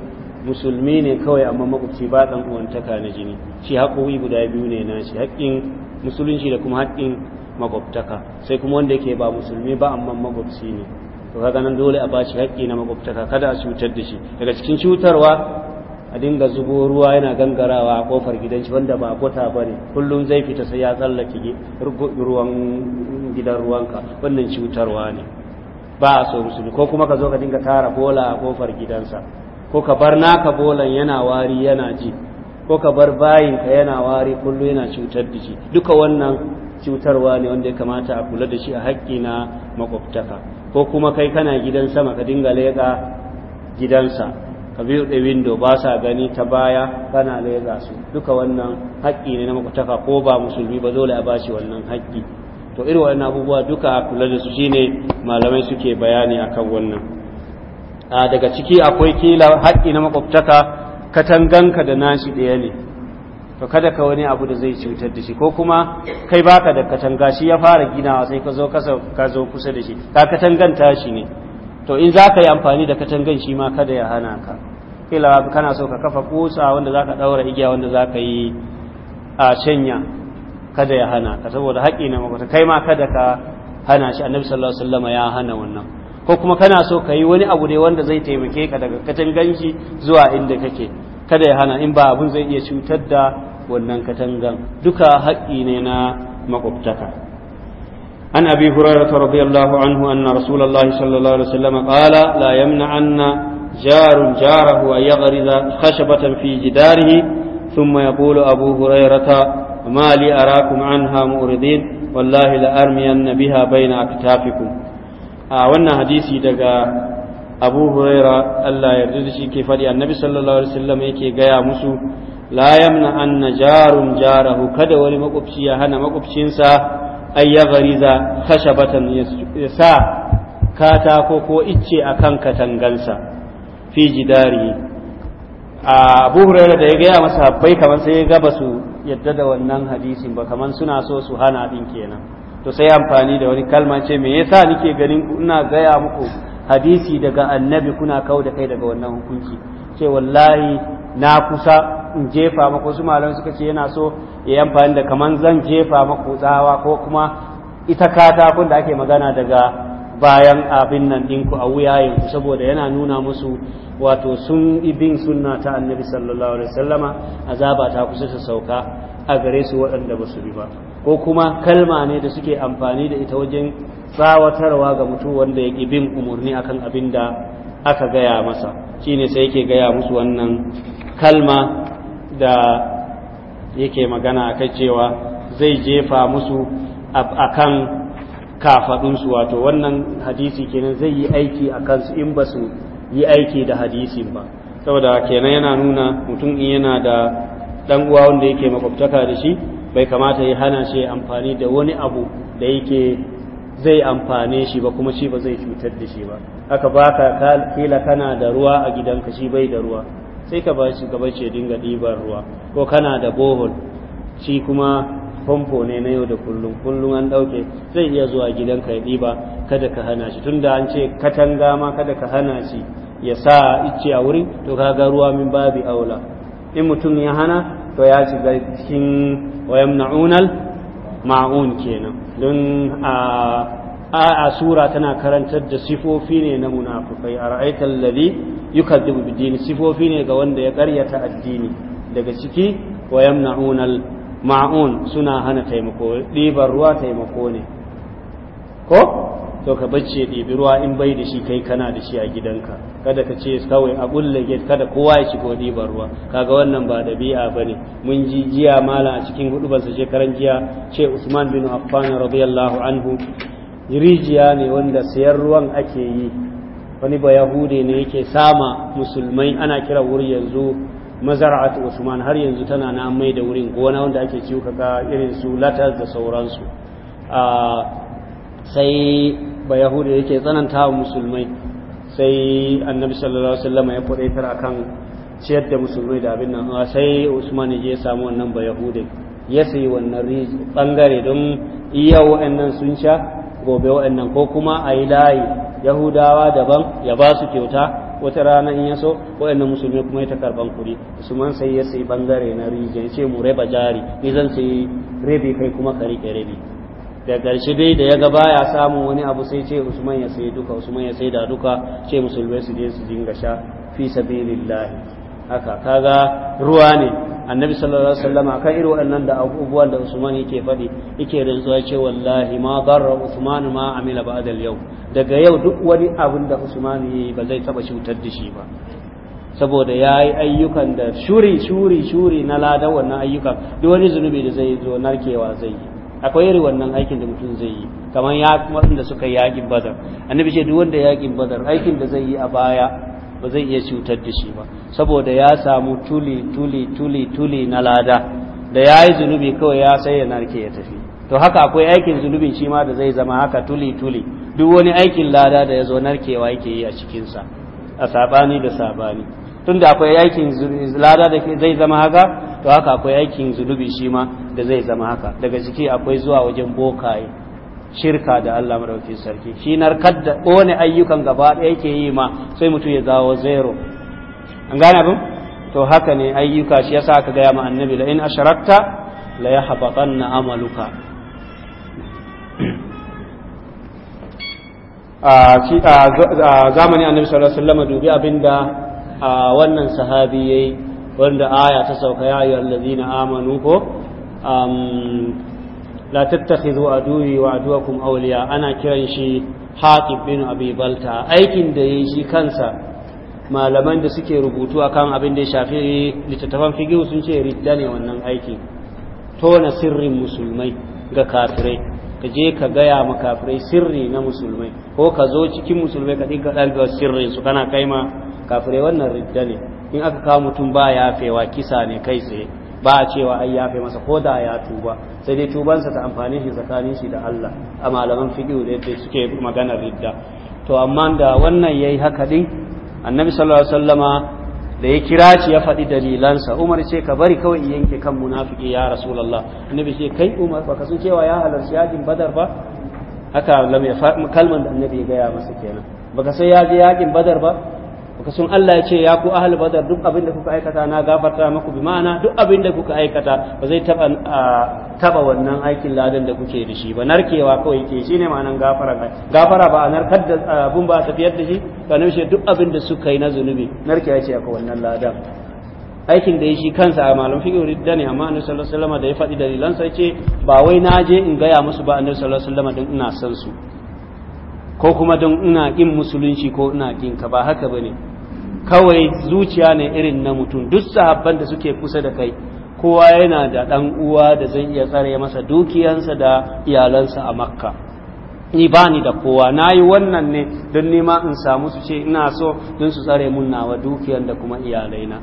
musulmi ne kawai amma makwabci ba ɗan uwantaka na jini shi haƙoƙi guda biyu ne na shi haƙƙin musulunci da kuma haƙƙin makwabtaka sai kuma wanda yake ba musulmi ba amma makwabci ne to kaga nan dole a ba shi haƙƙi na makwabtaka kada a cutar da shi daga cikin cutarwa a dinga zubo ruwa yana gangarawa a kofar gidanci wanda ba gota ba ne kullum zai fita sai ya tsallake ruwan gidan ruwanka wannan cutarwa ne ba a so musulmi ko kuma ka zo ka dinga tara bola a kofar gidansa ko ka bar naka bolan yana wari yana ji ko ka bar bayinka yana wari kullum yana cutar da shi duka wannan cutarwa ne wanda ya kamata a kula da shi a haƙƙi na makwabtaka ko kuma kai kana gidan sama ka dinga leƙa gidansa ka biyu da window ba sa gani ta baya kana leza su duka wannan haƙƙi ne na makwataka ko ba musulmi ba dole a bashi wannan haƙƙi to irin wannan abubuwa duka a kula da su shine malamai suke bayani akan wannan a daga ciki akwai kila haƙƙi na makwataka katanganka da nashi ɗaya ne to kada ka wani abu da zai cutar da shi ko kuma kai baka da katanga shi ya fara ginawa sai ka zo ka zo kusa da shi ka katanganta shi ne to in za ka yi amfani da katangan shi ma kada ya hana ka kila kana so ka kafa kusa wanda zaka daura igiya wanda zaka yi a shanya kada ya hana ka saboda haƙi na makwata kai ma kada ka hana shi annabi sallallahu alaihi wasallam ya hana wannan ko kuma kana so ka yi wani abu ne wanda zai taimake ka daga katangan shi zuwa inda kake kada ya hana in ba abun zai iya cutar da wannan katangan duka haƙi ne na makwabtaka عن أبي هريرة رضي الله عنه أن رسول الله صلى الله عليه وسلم قال لا يمنعن جار جاره ويغرز خشبة في جداره ثم يقول أبو هريرة ما لي أراكم عنها مؤردين والله لأرمين بها بين أكتافكم أولنا حديثي دقا أبو هريرة الله يرددشي كيف النبي صلى الله عليه وسلم يكي قيا مسو لا يمنع أن جار جاره كذا ولمقبشي هنا مقبشينسا أن يغرز خشبة يسا katako ko icce akan katangansa fi jidari abu da ya gaya masa habbai kamar sai ya gaba su yadda da wannan hadisin ba kamar suna so su hana din kenan to sai amfani da wani kalma ce me yasa nike ganin ina gaya muku hadisi daga annabi kuna kawo da kai daga wannan hukunci ce wallahi na kusa in jefa mako su malam suka ce yana so ya yi amfani da kamar zan jefa mako tsawa ko kuma ita katakon da ake magana daga bayan abin nan ɗinku a yanku saboda yana nuna musu wato sun ibin sunna ta annabi sallallahu alaihi wasallama azaba ta kusa ta sauka a gare su waɗanda ba su bi ba ko kuma kalma ne da suke amfani da ita wajen tsawatarwa ga mutum wanda ya bin umarni akan abin da aka gaya masa shine sai yake gaya musu wannan kalma da yake magana akai cewa zai jefa musu akan kafaɗinsu wato wannan hadisi kenan zai yi aiki a kansu in ba su yi aiki da hadisin ba saboda kenan yana nuna mutum in yana da ɗan uwa wanda yake makwabtaka da shi bai kamata ya hana shi amfani da wani abu da yake zai amfane shi ba kuma shi ba zai cutar da shi ba haka baka kila kana da ruwa a gidanka shi bai da ruwa sai ka ba bashi ka bace dinga ɗiban ruwa ko kana da bohol shi kuma famfo ne na yau da kullum kullum an ɗauke zai iya zuwa gidanka ya ɗiba kada ka hana shi tunda an ce katanga ma kada ka hana shi ya sa ice a wurin to kaga ruwa min babi aula in mutum ya hana to ya shiga cikin wayan na'unal ma'un kenan don a a sura tana karantar da sifofi ne na munafukai a ra'aitar lalli yukaddibu bidini sifofi ne ga wanda ya karyata addini daga ciki wayan na'unal. ma'un suna hana taimako ɗiban ruwa taimako ne ko to ka bacce ɗibi ruwa in bai da shi kai kana da shi a gidanka kada ka ce kawai a ƙulla gate kada kowa ya shigo ɗiban ruwa kaga wannan ba ɗabi'a ba ne mun ji jiya malam a cikin hudubarsa shekaran jiya ce usman bin affan radiyallahu anhu rijiya ne wanda sayar ruwan ake yi wani ba yahudi ne yake sama musulmai ana kira wuri yanzu mazara'atu usman har yanzu tana na mai da wurin gona wanda ake ciwo kaga irin su latas da sauransu a sai ba yake tsananta wa musulmai sai annabi sallallahu alaihi wasallam ya tar akan ciyar da musulmai da abin nan sai usman ya samu wannan ba yahudu ya sai wannan bangare don iya wa'annan sun sha gobe wa'annan ko kuma a yi layi yahudawa daban ya ba su kyauta wata rana in yaso wayannan musulmi kuma ya ta karban kuɗi usman sai ya sai bangare na rijiya ya ce mu raba jari ni zan sai rabi kai kuma ka rike rabi da ƙarshe dai da ya ga baya samun wani abu sai ce usman ya sai duka usman ya sai da duka ce musulmai su je su dinga sha fi sabilillah haka kaga ruwa ne annabi sallallahu alaihi wasallam akan irin waɗannan da abubuwan da Usman yake faɗi yake rantsuwa ce wallahi ma darra Usman ma amila ba'da al-yau daga yau duk wani abin da Usman yayi ba zai taba cutar da shi ba saboda yayi ayyukan da shuri shuri shuri na ladan wannan ayyuka duk wani zunubi da zai zo narkewa zai yi akwai irin wannan aikin da mutum zai yi kamar ya waɗanda suka yaƙin badar annabi ce duk wanda yaƙin badar aikin da zai yi a baya ba zai iya cutar da shi ba saboda ya samu tuli tuli tuli tuli na lada da ya yi zunubi kawai ya sai ya narke ya tafi to haka akwai aikin zunubi shi ma da zai zama haka tuli tuli duk wani aikin lada da ya zo narkewa yake yi a cikinsa a sabani da sabani tunda akwai aikin lada da zai zama haka to haka akwai aikin zunubi shi ma da zai zama haka daga ciki akwai zuwa wajen bokaye shirka da Allah madauki sarki shi narkar da ƙone ayyukan gaba ɗaya yake yi ma sai mutum ya zawo zero an gane abin to haka ne ayyuka shi yasa aka gaya ma annabi la in asharakta la yahbatanna amaluka a zamani annabi sallallahu alaihi wasallam dubi abinda wannan sahabi yayi wanda aya ta sauka ya ladina amanu ko la tattakhidhu aduwi wa aduwakum awliya ana kiran shi Haqib bin Abi Balta aikin da yayi shi kansa malaman da suke rubutu akan abin da ya shafi littattafan fiqh sun ce ridda ne wannan aiki tona sirrin musulmai ga kafirai ka je ka gaya ma kafirai sirri na musulmai ko ka zo cikin musulmai ka dinga dalga sirrin su kana kaima kafirai wannan ridda ne in aka kawo mutum ba yafewa kisa ne kai tsaye ba a cewa ai yafe masa ko da ya tuba sai dai tubansa ta amfani shi tsakanin shi da Allah a malaman fiqh da yadda suke magana ridda to amma da wannan yayi haka din annabi sallallahu alaihi wasallama da ya kira shi ya faɗi dalilansa umar ce ka bari kawai yanke kan munafiki ya rasulullah annabi ce kai umar baka sun cewa ya halarci yakin badar ba haka lam ya kalman da annabi ya gaya masa kenan baka sai ya je yakin badar ba kuka sun Allah ya ce ya ku ahal badar duk abin da kuka aikata na gafarta maku bi ma'ana duk abin da kuka aikata ba zai taba taba wannan aikin ladan da kuke da shi ba narkewa kawai ke ne ma'anan gafara gafara ba a narkar da abun ba a tafiyar da shi ka nan shi duk abin da suka yi na zunubi narkewa ce akwai wannan ladan aikin da ya shi kansa a malam fiqh da ne amma annabi sallallahu alaihi wasallam da ya faɗi dalilan sai ce ba wai na je in gaya musu ba annabi sallallahu alaihi wasallam din ina san su ko kuma don ina ƙin musulunci ko ina ƙin ka ba haka bane kawai zuciya ne irin na mutum duk sahabban da suke kusa da kai kowa yana da ɗan uwa da zai iya tsare masa dukiyansa da iyalansa a makka ni ba ni da kowa na yi wannan ne don nema in samu su ce ina so don su tsare mun nawa dukiyan da kuma iyalaina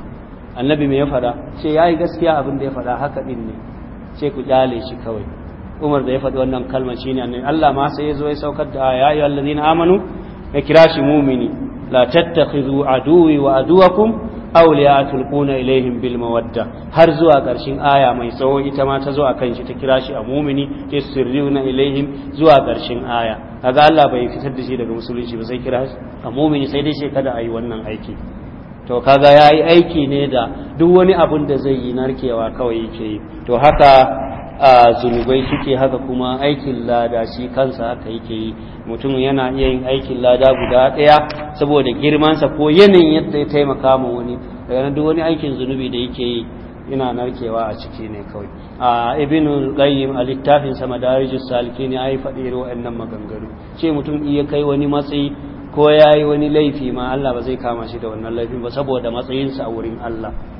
annabi me ya faɗa ce ya yi gaskiya abin da ya faɗa haka ɗin ne ce ku ƙyale shi kawai Umar da ya faɗi wannan kalma shine annabi Allah ma sai zo ya saukar da ya ayyuhal na amanu ya kira shi mu'mini la tattakhizu aduwi wa aduwakum awliya tulquna ilaihim bil mawadda har zuwa ƙarshen aya mai tsawo ita ma ta zo kan shi ta kira shi a mu'mini na ilaihim zuwa ƙarshen aya kaga Allah bai fitar da shi daga musulunci ba sai kira shi a mu'mini sai dai kada ayi wannan aiki to kaga yayi aiki ne da duk wani abun da zai yi narkewa kawai yake yi to haka a zunubai suke haka kuma aikin lada shi kansa haka yake yi mutum yana iya yin aikin lada guda ɗaya saboda girmansa ko yanayin yadda ya taimaka ma wani daga nan duk wani aikin zunubi da yake yi ina narkewa a ciki ne kawai a ibn qayyim a littafin sa madarijus salikin ya yi faɗi irin waɗannan maganganu ce mutum iya kai wani matsayi ko ya yi wani laifi ma Allah ba zai kama shi da wannan laifin ba saboda matsayinsa a wurin Allah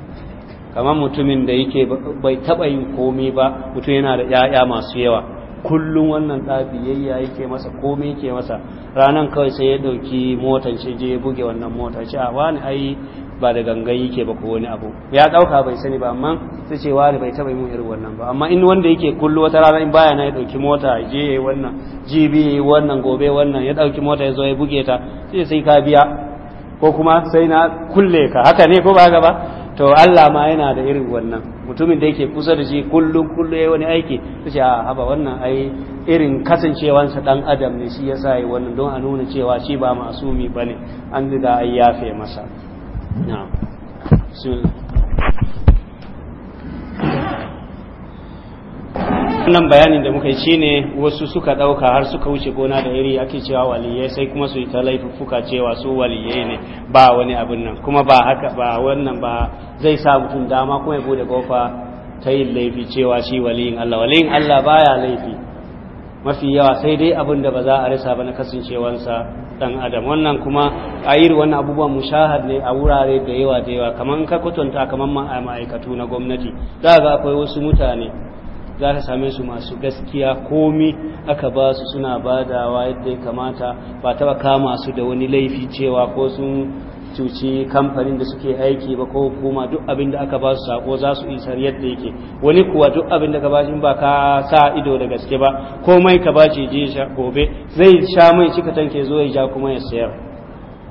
kamar mutumin da yake bai taɓa yin komai ba mutum yana da 'ya'ya masu yawa kullum wannan ɗabiyayya yake masa komai yake masa ranar kawai sai ya ɗauki motar shi je buge wannan motar shi a wani ai ba da gangan yake ba ko wani abu ya ɗauka bai sani ba amma sai ce wani bai taɓa yin irin wannan ba amma in wanda yake kullu wata rana in baya na ya ɗauki mota je ya yi wannan jibi ya yi wannan gobe wannan ya ɗauki mota ya zo ya buge ta sai sai ka biya ko kuma sai na kulle ka haka ne ko ba haka ba to Allah ma yana da irin wannan mutumin da yake kusa da shi kullum kullum yayi wani aiki ce a ah, haba wannan ai irin kasancewansa dan adam ne shi yasa yi wannan don a nuna cewa shi ba masumi bane an riga ai yafe masa na'am wannan bayanin da muka yi ne wasu suka ɗauka har suka wuce gona da iri ake cewa waliye sai kuma su yi ta laifuffuka cewa su waliye ne ba wani abin nan kuma ba haka ba wannan ba zai sa mutum dama kuma ya bude kofa ta yin laifi cewa shi waliyin Allah waliyin Allah baya laifi mafi yawa sai dai abin da ba za a rasa ba na kasancewansa dan adam wannan kuma a yi wannan abubuwan mushahad ne a wurare da yawa da yawa kaman ka kwatanta kamar ma'aikatu na gwamnati za ga akwai wasu mutane za ta same su masu gaskiya komi aka ba su suna badawa yadda ya kamata ba taba kama su da wani laifi cewa ko sun cuci kamfanin da suke aiki ba ko hukuma duk abin da aka ba su sako za su isar yadda yake wani kuwa duk abin da ka ba ba ka sa ido da gaske ba komai ka ba je gobe zai sha mai cikatan ke zo ya ja kuma ya sayar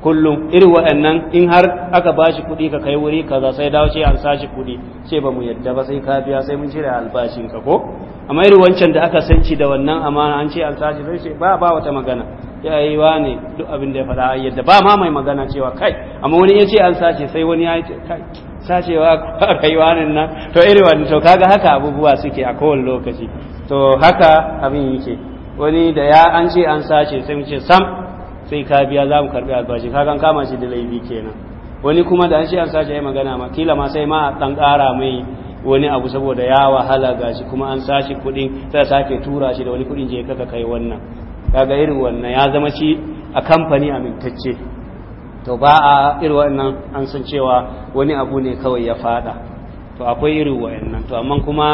kullum irin waɗannan in har aka ba shi kuɗi ka kai wuri kaza sai dawo ce an sashi kuɗi ce ba mu yadda ba sai ka biya sai mun cire albashin ka ko amma irin wancan da aka sanci da wannan amana an ce an sashi sai ce ba ba wata magana ya yi wa ne duk abin da ya faɗa a yadda ba ma mai magana cewa kai amma wani ya ce an sashi sai wani ya ce kai sacewa kai ne nan to irin wani to kaga haka abubuwa suke a kowane lokaci to haka abin yake wani da ya an ce an sace sai mu ce sam sai ka biya za mu karɓi albashi ka kan kama shi da laifi kenan wani kuma da an shi an sace ya magana ma kila ma sai ma ɗan ƙara mai wani abu saboda ya wahala gashi kuma an sashi kuɗin sai sake tura shi da wani kuɗin je kaka kai wannan kaga irin wannan ya zama shi a kamfani amintacce to ba a irin wannan an san cewa wani abu ne kawai ya fada to akwai irin wayannan to amma kuma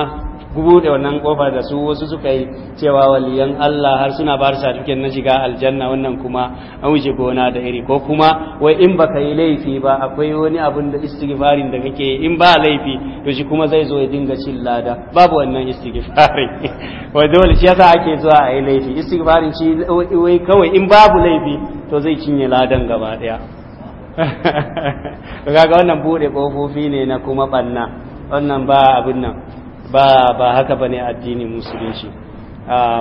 gubu da wannan kofar da su wasu suka yi cewa waliyan Allah har suna ba su na shiga aljanna wannan kuma an wuce gona da iri ko kuma wai in baka yi laifi ba akwai wani abin da istighfarin da kake in ba laifi to shi kuma zai zo ya dinga cin lada babu wannan istighfari wai dole shi yasa ake zuwa a yi laifi istighfarin shi wai kawai in babu laifi to zai cinye ladan gaba daya kaga wannan bude kofofi ne na kuma banna wannan ba abin nan ba ba haka bane addinin musulunci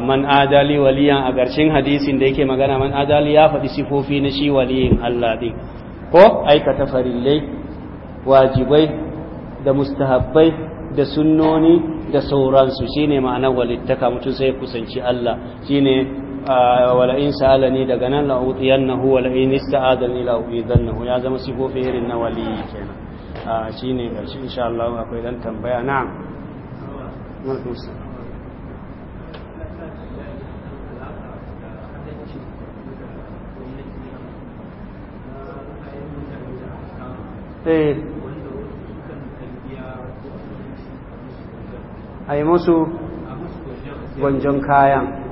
man adali waliyan a garshen hadisin da yake magana man adali ya faɗi sifofi na shi waliyin Allah din ko aikata farillai wajibai da mustahabbai da sunnoni da sauransu shine ma'ana walittaka mutum sai kusanci Allah shine wala in sa'alani daga nan la'utiyannahu wala in ista'adani hu ya zama sifofi irin na waliyi kenan a shi ne ƙarshe insha Allah akwai dan tambaya na eh. a yi musu gwanjon kayan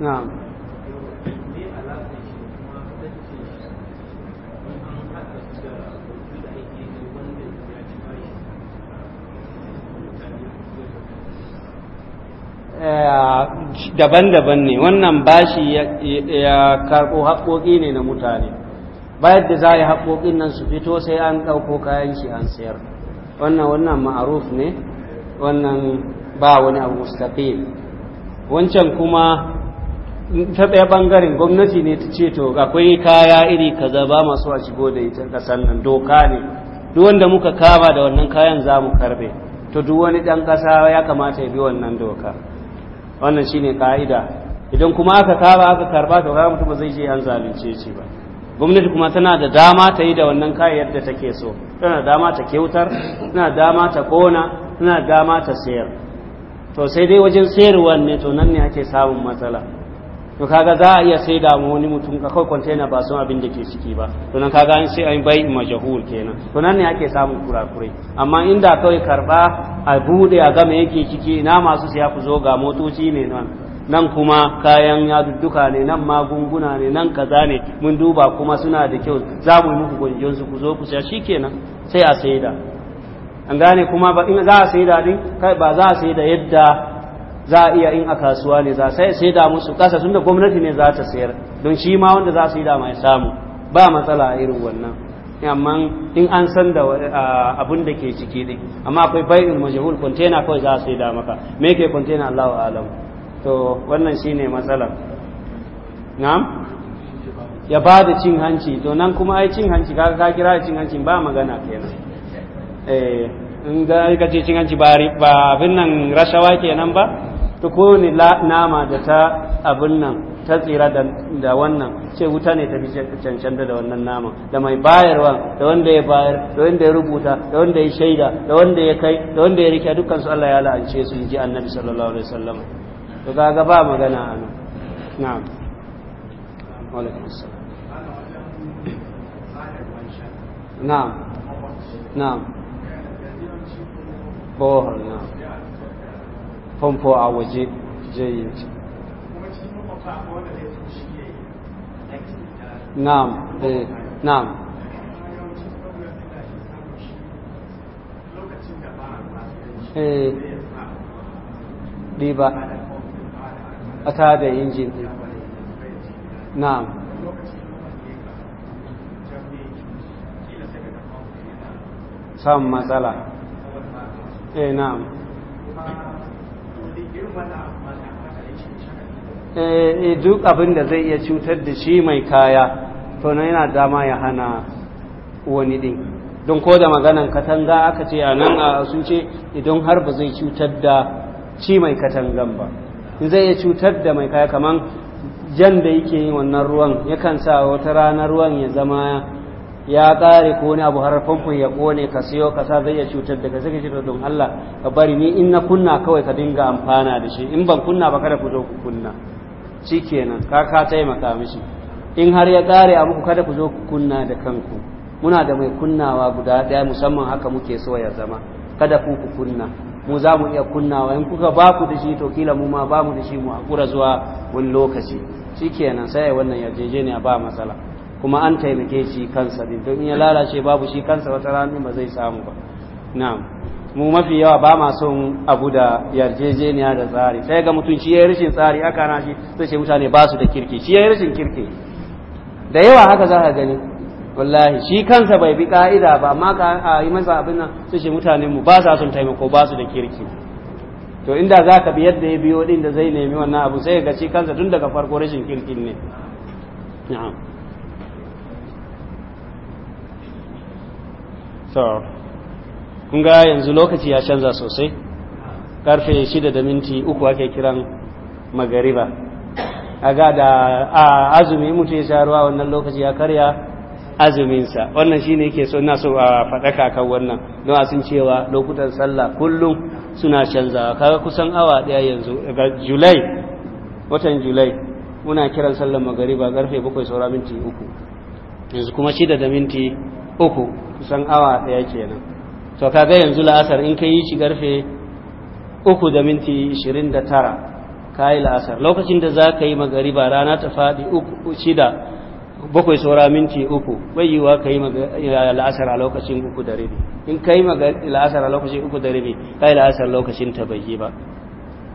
na daban-daban ne wannan bashi ya karɓo haƙoƙi ne na mutane bayan da za a yi haƙoƙin nan su fito sai an ɗauko kayan shi an sayar wannan wannan ma'aruf ne wannan ba wani abu mustafi wancan kuma ta ɗaya ɓangaren gwamnati ne ta ce to akwai kaya iri kaza ba masu a shigo da ita ƙasar nan doka ne duk wanda muka kama da wannan kayan za mu karbe to duk wani ɗan ƙasa ya kamata ya bi wannan doka wannan shine ka'ida idan kuma aka kaba aka karba to ga mutum zai je an zalunce shi ba gwamnati kuma tana da dama ta yi da wannan kayan da take so tana da dama ta kyautar tana da dama ta kona tana da dama ta sayar to sai dai wajen sayarwa ne to nan ne ake samun matsala to kaga za a iya sai damu mu wani mutum ka kai container ba sun abin da ke ciki ba to nan kaga an sai an bai majhul kenan to nan ne ake samun kurakurai amma inda kawai karba a bude a game yake ciki ina masu siya ku zo ga motoci ne nan nan kuma kayan yadudduka ne nan magunguna ne nan kaza ne mun duba kuma suna da kyau za mu yi muku gwanjon su ku zo ku siya shikenan sai a saida an gane kuma za a saida din kai ba za a saida yadda za a iya in a kasuwa ne za sai sai da musu kasa da gwamnati ne za ta sayar don shi ma wanda za su yi da mai samu ba matsala a irin wannan amma in an san da abin da ke ciki ne amma akwai bai'in majhul container kawai za su yi da maka me ke container Allahu alam to wannan shi ne matsala. na'am ya ba da cin hanci to nan kuma ai cin hanci kaga ka kira cin hanci ba magana kenan eh in ga ka ce cin hanci ba abin nan rashawa kenan ba ta kowane nama da ta abin nan ta tsira da wannan ce wuta ne ta fi cancanta da wannan nama da mai bayarwa da wanda ya bayar da wanda ya rubuta da wanda ya shaida da wanda ya kai da wanda ya rike dukkan su Allah ya la'ance su ji annabi sallallahu alaihi wasallam to ga ba magana a nan na'am wa alaikum na'am na'am bohol na'am famfo a waje je yi na'am eh na'am eh riba a ta injin din na'am samun matsala eh na'am Eh, eh, duk abin da zai iya cutar da shi mai kaya to na yana dama ya hana wani din don ko da maganan katanga aka ce a nan a sun ce idan har ba zai cutar da shi mai katangan ba zai iya cutar da mai kaya kamar jan da yake yin wannan ruwan yakan sa wata ranar ruwan ya zama ya ƙare ko wani abu har famfon ya ƙone ka siyo ka sa zai iya cutar da ka sai ka ce don Allah ka bari ni in na kunna kawai ka dinga amfana da shi in ban kunna ba kada ku zo ku kunna kenan ka ka taimaka mishi in har ya ƙare a muku kada ku zo ku kunna da kanku muna da mai kunnawa guda ɗaya musamman haka muke so ya zama kada ku ku kunna mu za mu iya kunnawa in kuka ba ku da shi to kila mu ma ba mu da shi mu haƙura zuwa wani lokaci kenan sai wannan yarjejeniya ba matsala kuma an taimake shi kansa din don ya lalace babu shi kansa wata rana ba zai samu ba na'am mu mafi yawa ba ma son abu da yarjejeniya da tsari sai ga mutum shi yayi rashin tsari aka na shi sai ce mutane ba su da kirki shi yayi rashin kirki da yawa haka za ka gani wallahi shi kansa bai bi ka'ida ba amma ka a yi masa abin nan sai ce mutane mu ba sa son taimako ba su da kirki to inda za ka bi yadda ya biyo din da zai nemi wannan abu sai ga shi kansa tun daga farko rashin kirkin ne na'am to kun yanzu lokaci ya canza sosai karfe 6 da minti uku ake kiran magariba aga da azumi mutu ya sharuwa wannan lokaci ya karya azuminsa wannan shine yake so ina so a faɗaka kan wannan don a cewa lokutan sallah kullum suna canzawa kaga kusan awa daya yanzu daga julai watan julai muna kiran sallar magariba karfe bakwai saura minti uku yanzu kuma 6 da minti uku kusan awa ɗaya kenan to kaga yanzu la'asar in ka yi shi garfe uku da minti ishirin da tara ka yi la'asar lokacin da za ka yi magariba rana ta faɗi shida bakwai saura minti uku bai yiwa ka yi la'asar a lokacin uku da rabi in ka yi la'asar a lokacin uku da rabi ka yi la'asar lokacin ta bai yi ba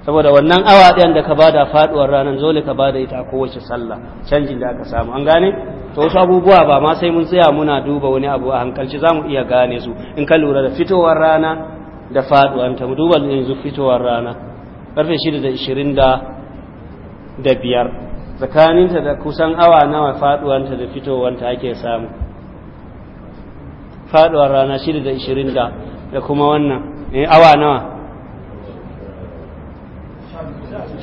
saboda wannan awa ɗayan da ka bada faɗuwar ranar zole ka bada ita a kowace sallah canjin da aka samu an gane to wasu abubuwa ba ma sai mun tsaya muna duba wani abu a hankalci za mu iya gane su in ka lura da fitowar rana da faduwanta mu duba yanzu fitowar rana karfe 6:25 da ishirin da biyar tsakaninta da kusan awa nawa faduwanta da fitowanta ake samu faduwar rana 6:20 da ishirin da kuma wannan eh, awa nawa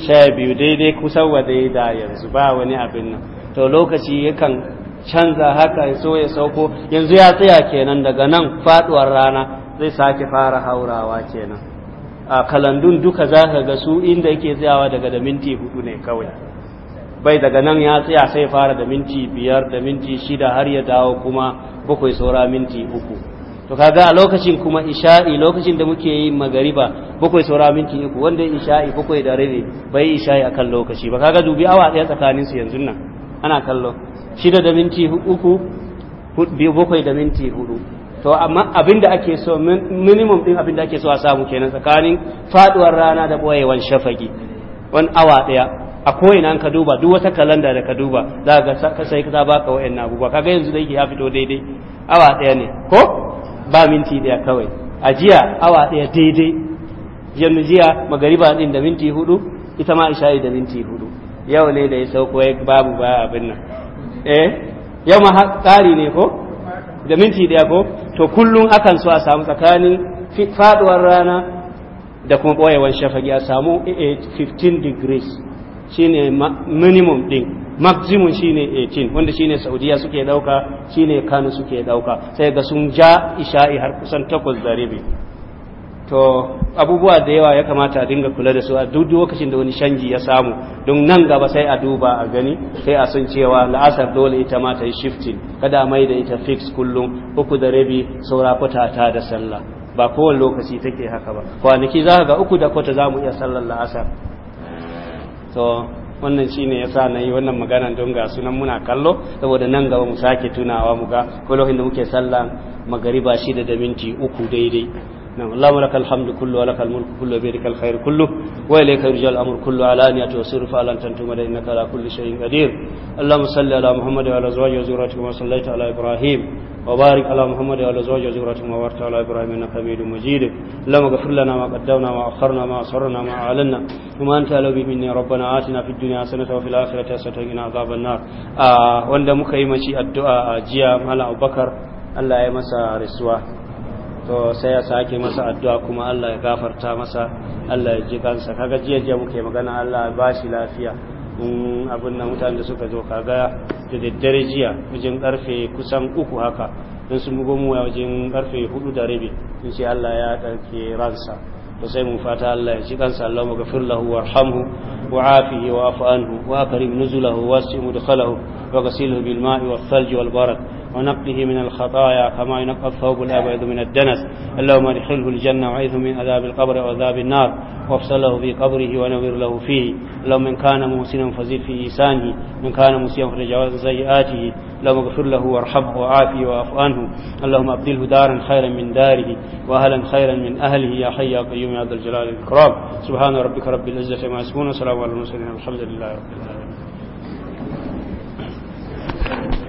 sha biyu daidai kusan wa da yanzu ba wani abin nan to lokaci yakan canza haka ya so ya sauko yanzu ya tsaya kenan daga nan faduwar rana zai sake fara haurawa kenan a kalandun duka za ka ga su inda yake tsayawa daga da minti hudu ne kawai bai daga nan ya tsaya sai fara da minti biyar da minti shida har ya dawo kuma bakwai saura minti uku to kaga a lokacin kuma isha'i lokacin da muke yi magariba bakwai saura minti uku wanda isha'i bakwai da rabi bai isha'i akan lokaci ba kaga dubi awa ɗaya tsakaninsu yanzu nan ana kallo shida da minti uku biyu bakwai da minti hudu to amma abin da ake so minimum din abinda da ake so a samu kenan tsakanin faduwar rana da boyewan shafaki wani awa daya a koyina ka duba duk wata kalanda da ka duba za ka sai ka baka wayannan abubuwa kaga yanzu da yake ya fito daidai awa daya ne ko ba minti daya kawai a jiya awa daya daidai yanzu jiya magariba din da minti hudu ita ma isha'i da minti hudu yau ne da ya sauko babu ba abin nan eh yau ma tsari ne ko da minti daya ko to kullum akan so a samu tsakanin faduwar rana da kuma ɓoyewar shafagi a samu 15 eh, degrees shine minimum din maximum shine 18 wanda shine saudiya suke dauka shine kano suke dauka sai ga sun ja isha'i har kusan takwas da rabi to abubuwa da yawa ya kamata a dinga kula da su a duk lokacin da wani canji ya samu don nan gaba sai a duba a gani sai a san cewa la'asar dole ita ma ta yi shifting kada mai da ita fix kullum uku da rabi saura kwata ta da sallah ba kowane lokaci take haka ba kwanaki za ga uku da kwata za mu iya sallar la'asar to wannan shi ne ya sa na yi wannan magana don ga sunan muna kallo saboda nan gaba mu sake tunawa mu ga lokacin da muke sallar magariba shida da minti uku daidai نعم اللهم لك الحمد كله ولك الملك كله بيدك الخير كله وإليك يرجى الأمر كله على أن يأتي وصير فعلا تنتم إنك على كل شيء قدير اللهم صل على محمد وعلى أزواجه وزوراته كما صليت على إبراهيم وبارك على محمد وعلى أزواجه وزوراته كما باركت على إبراهيم إنك حميد مجيد اللهم اغفر لنا ما قدمنا ما أخرنا ما أسررنا ما أعلنا وما أنت ألو به مني ربنا آتنا في الدنيا حسنة وفي الآخرة حسنة وقنا عذاب النار آه وند مكيمشي الدعاء جيا مال أبو بكر الله يمسى رسواه to sai ya sake masa addu'a kuma Allah ya gafarta masa Allah ya ji kansa kaga jiya jiya muke magana Allah ya bashi lafiya in abin nan mutanen da suka zo kaga da daddare jiya wajen karfe kusan uku haka in sun bugo mu wajen karfe hudu da rabi in sai Allah ya ɗauke ransa to sai mun fata Allah ya ji kansa Allah mu gafir lahu warhamhu wa afihi wa afanhu wa karim nuzulahu wasi mudkhalahu wa ghasilhu bil ma'i wal wal barad ونقه من الخطايا كما ينقى الثوب الأبعد من الدنس اللهم ادخله الجنة وعيثه من عذاب القبر وعذاب النار وافصل له في قبره ونوير له فيه اللهم من كان موسنا فزد في إيسانه من كان موسيا فتجاوز سيئاته اللهم اغفر له وارحمه وعافه واعف عنه اللهم ابدله دارا خيرا من داره واهلا خيرا من اهله يا حي يا قيوم يا ذا الجلال والاكرام سبحان ربك رب العزه عما يصفون وسلام على المرسلين والحمد لله رب العالمين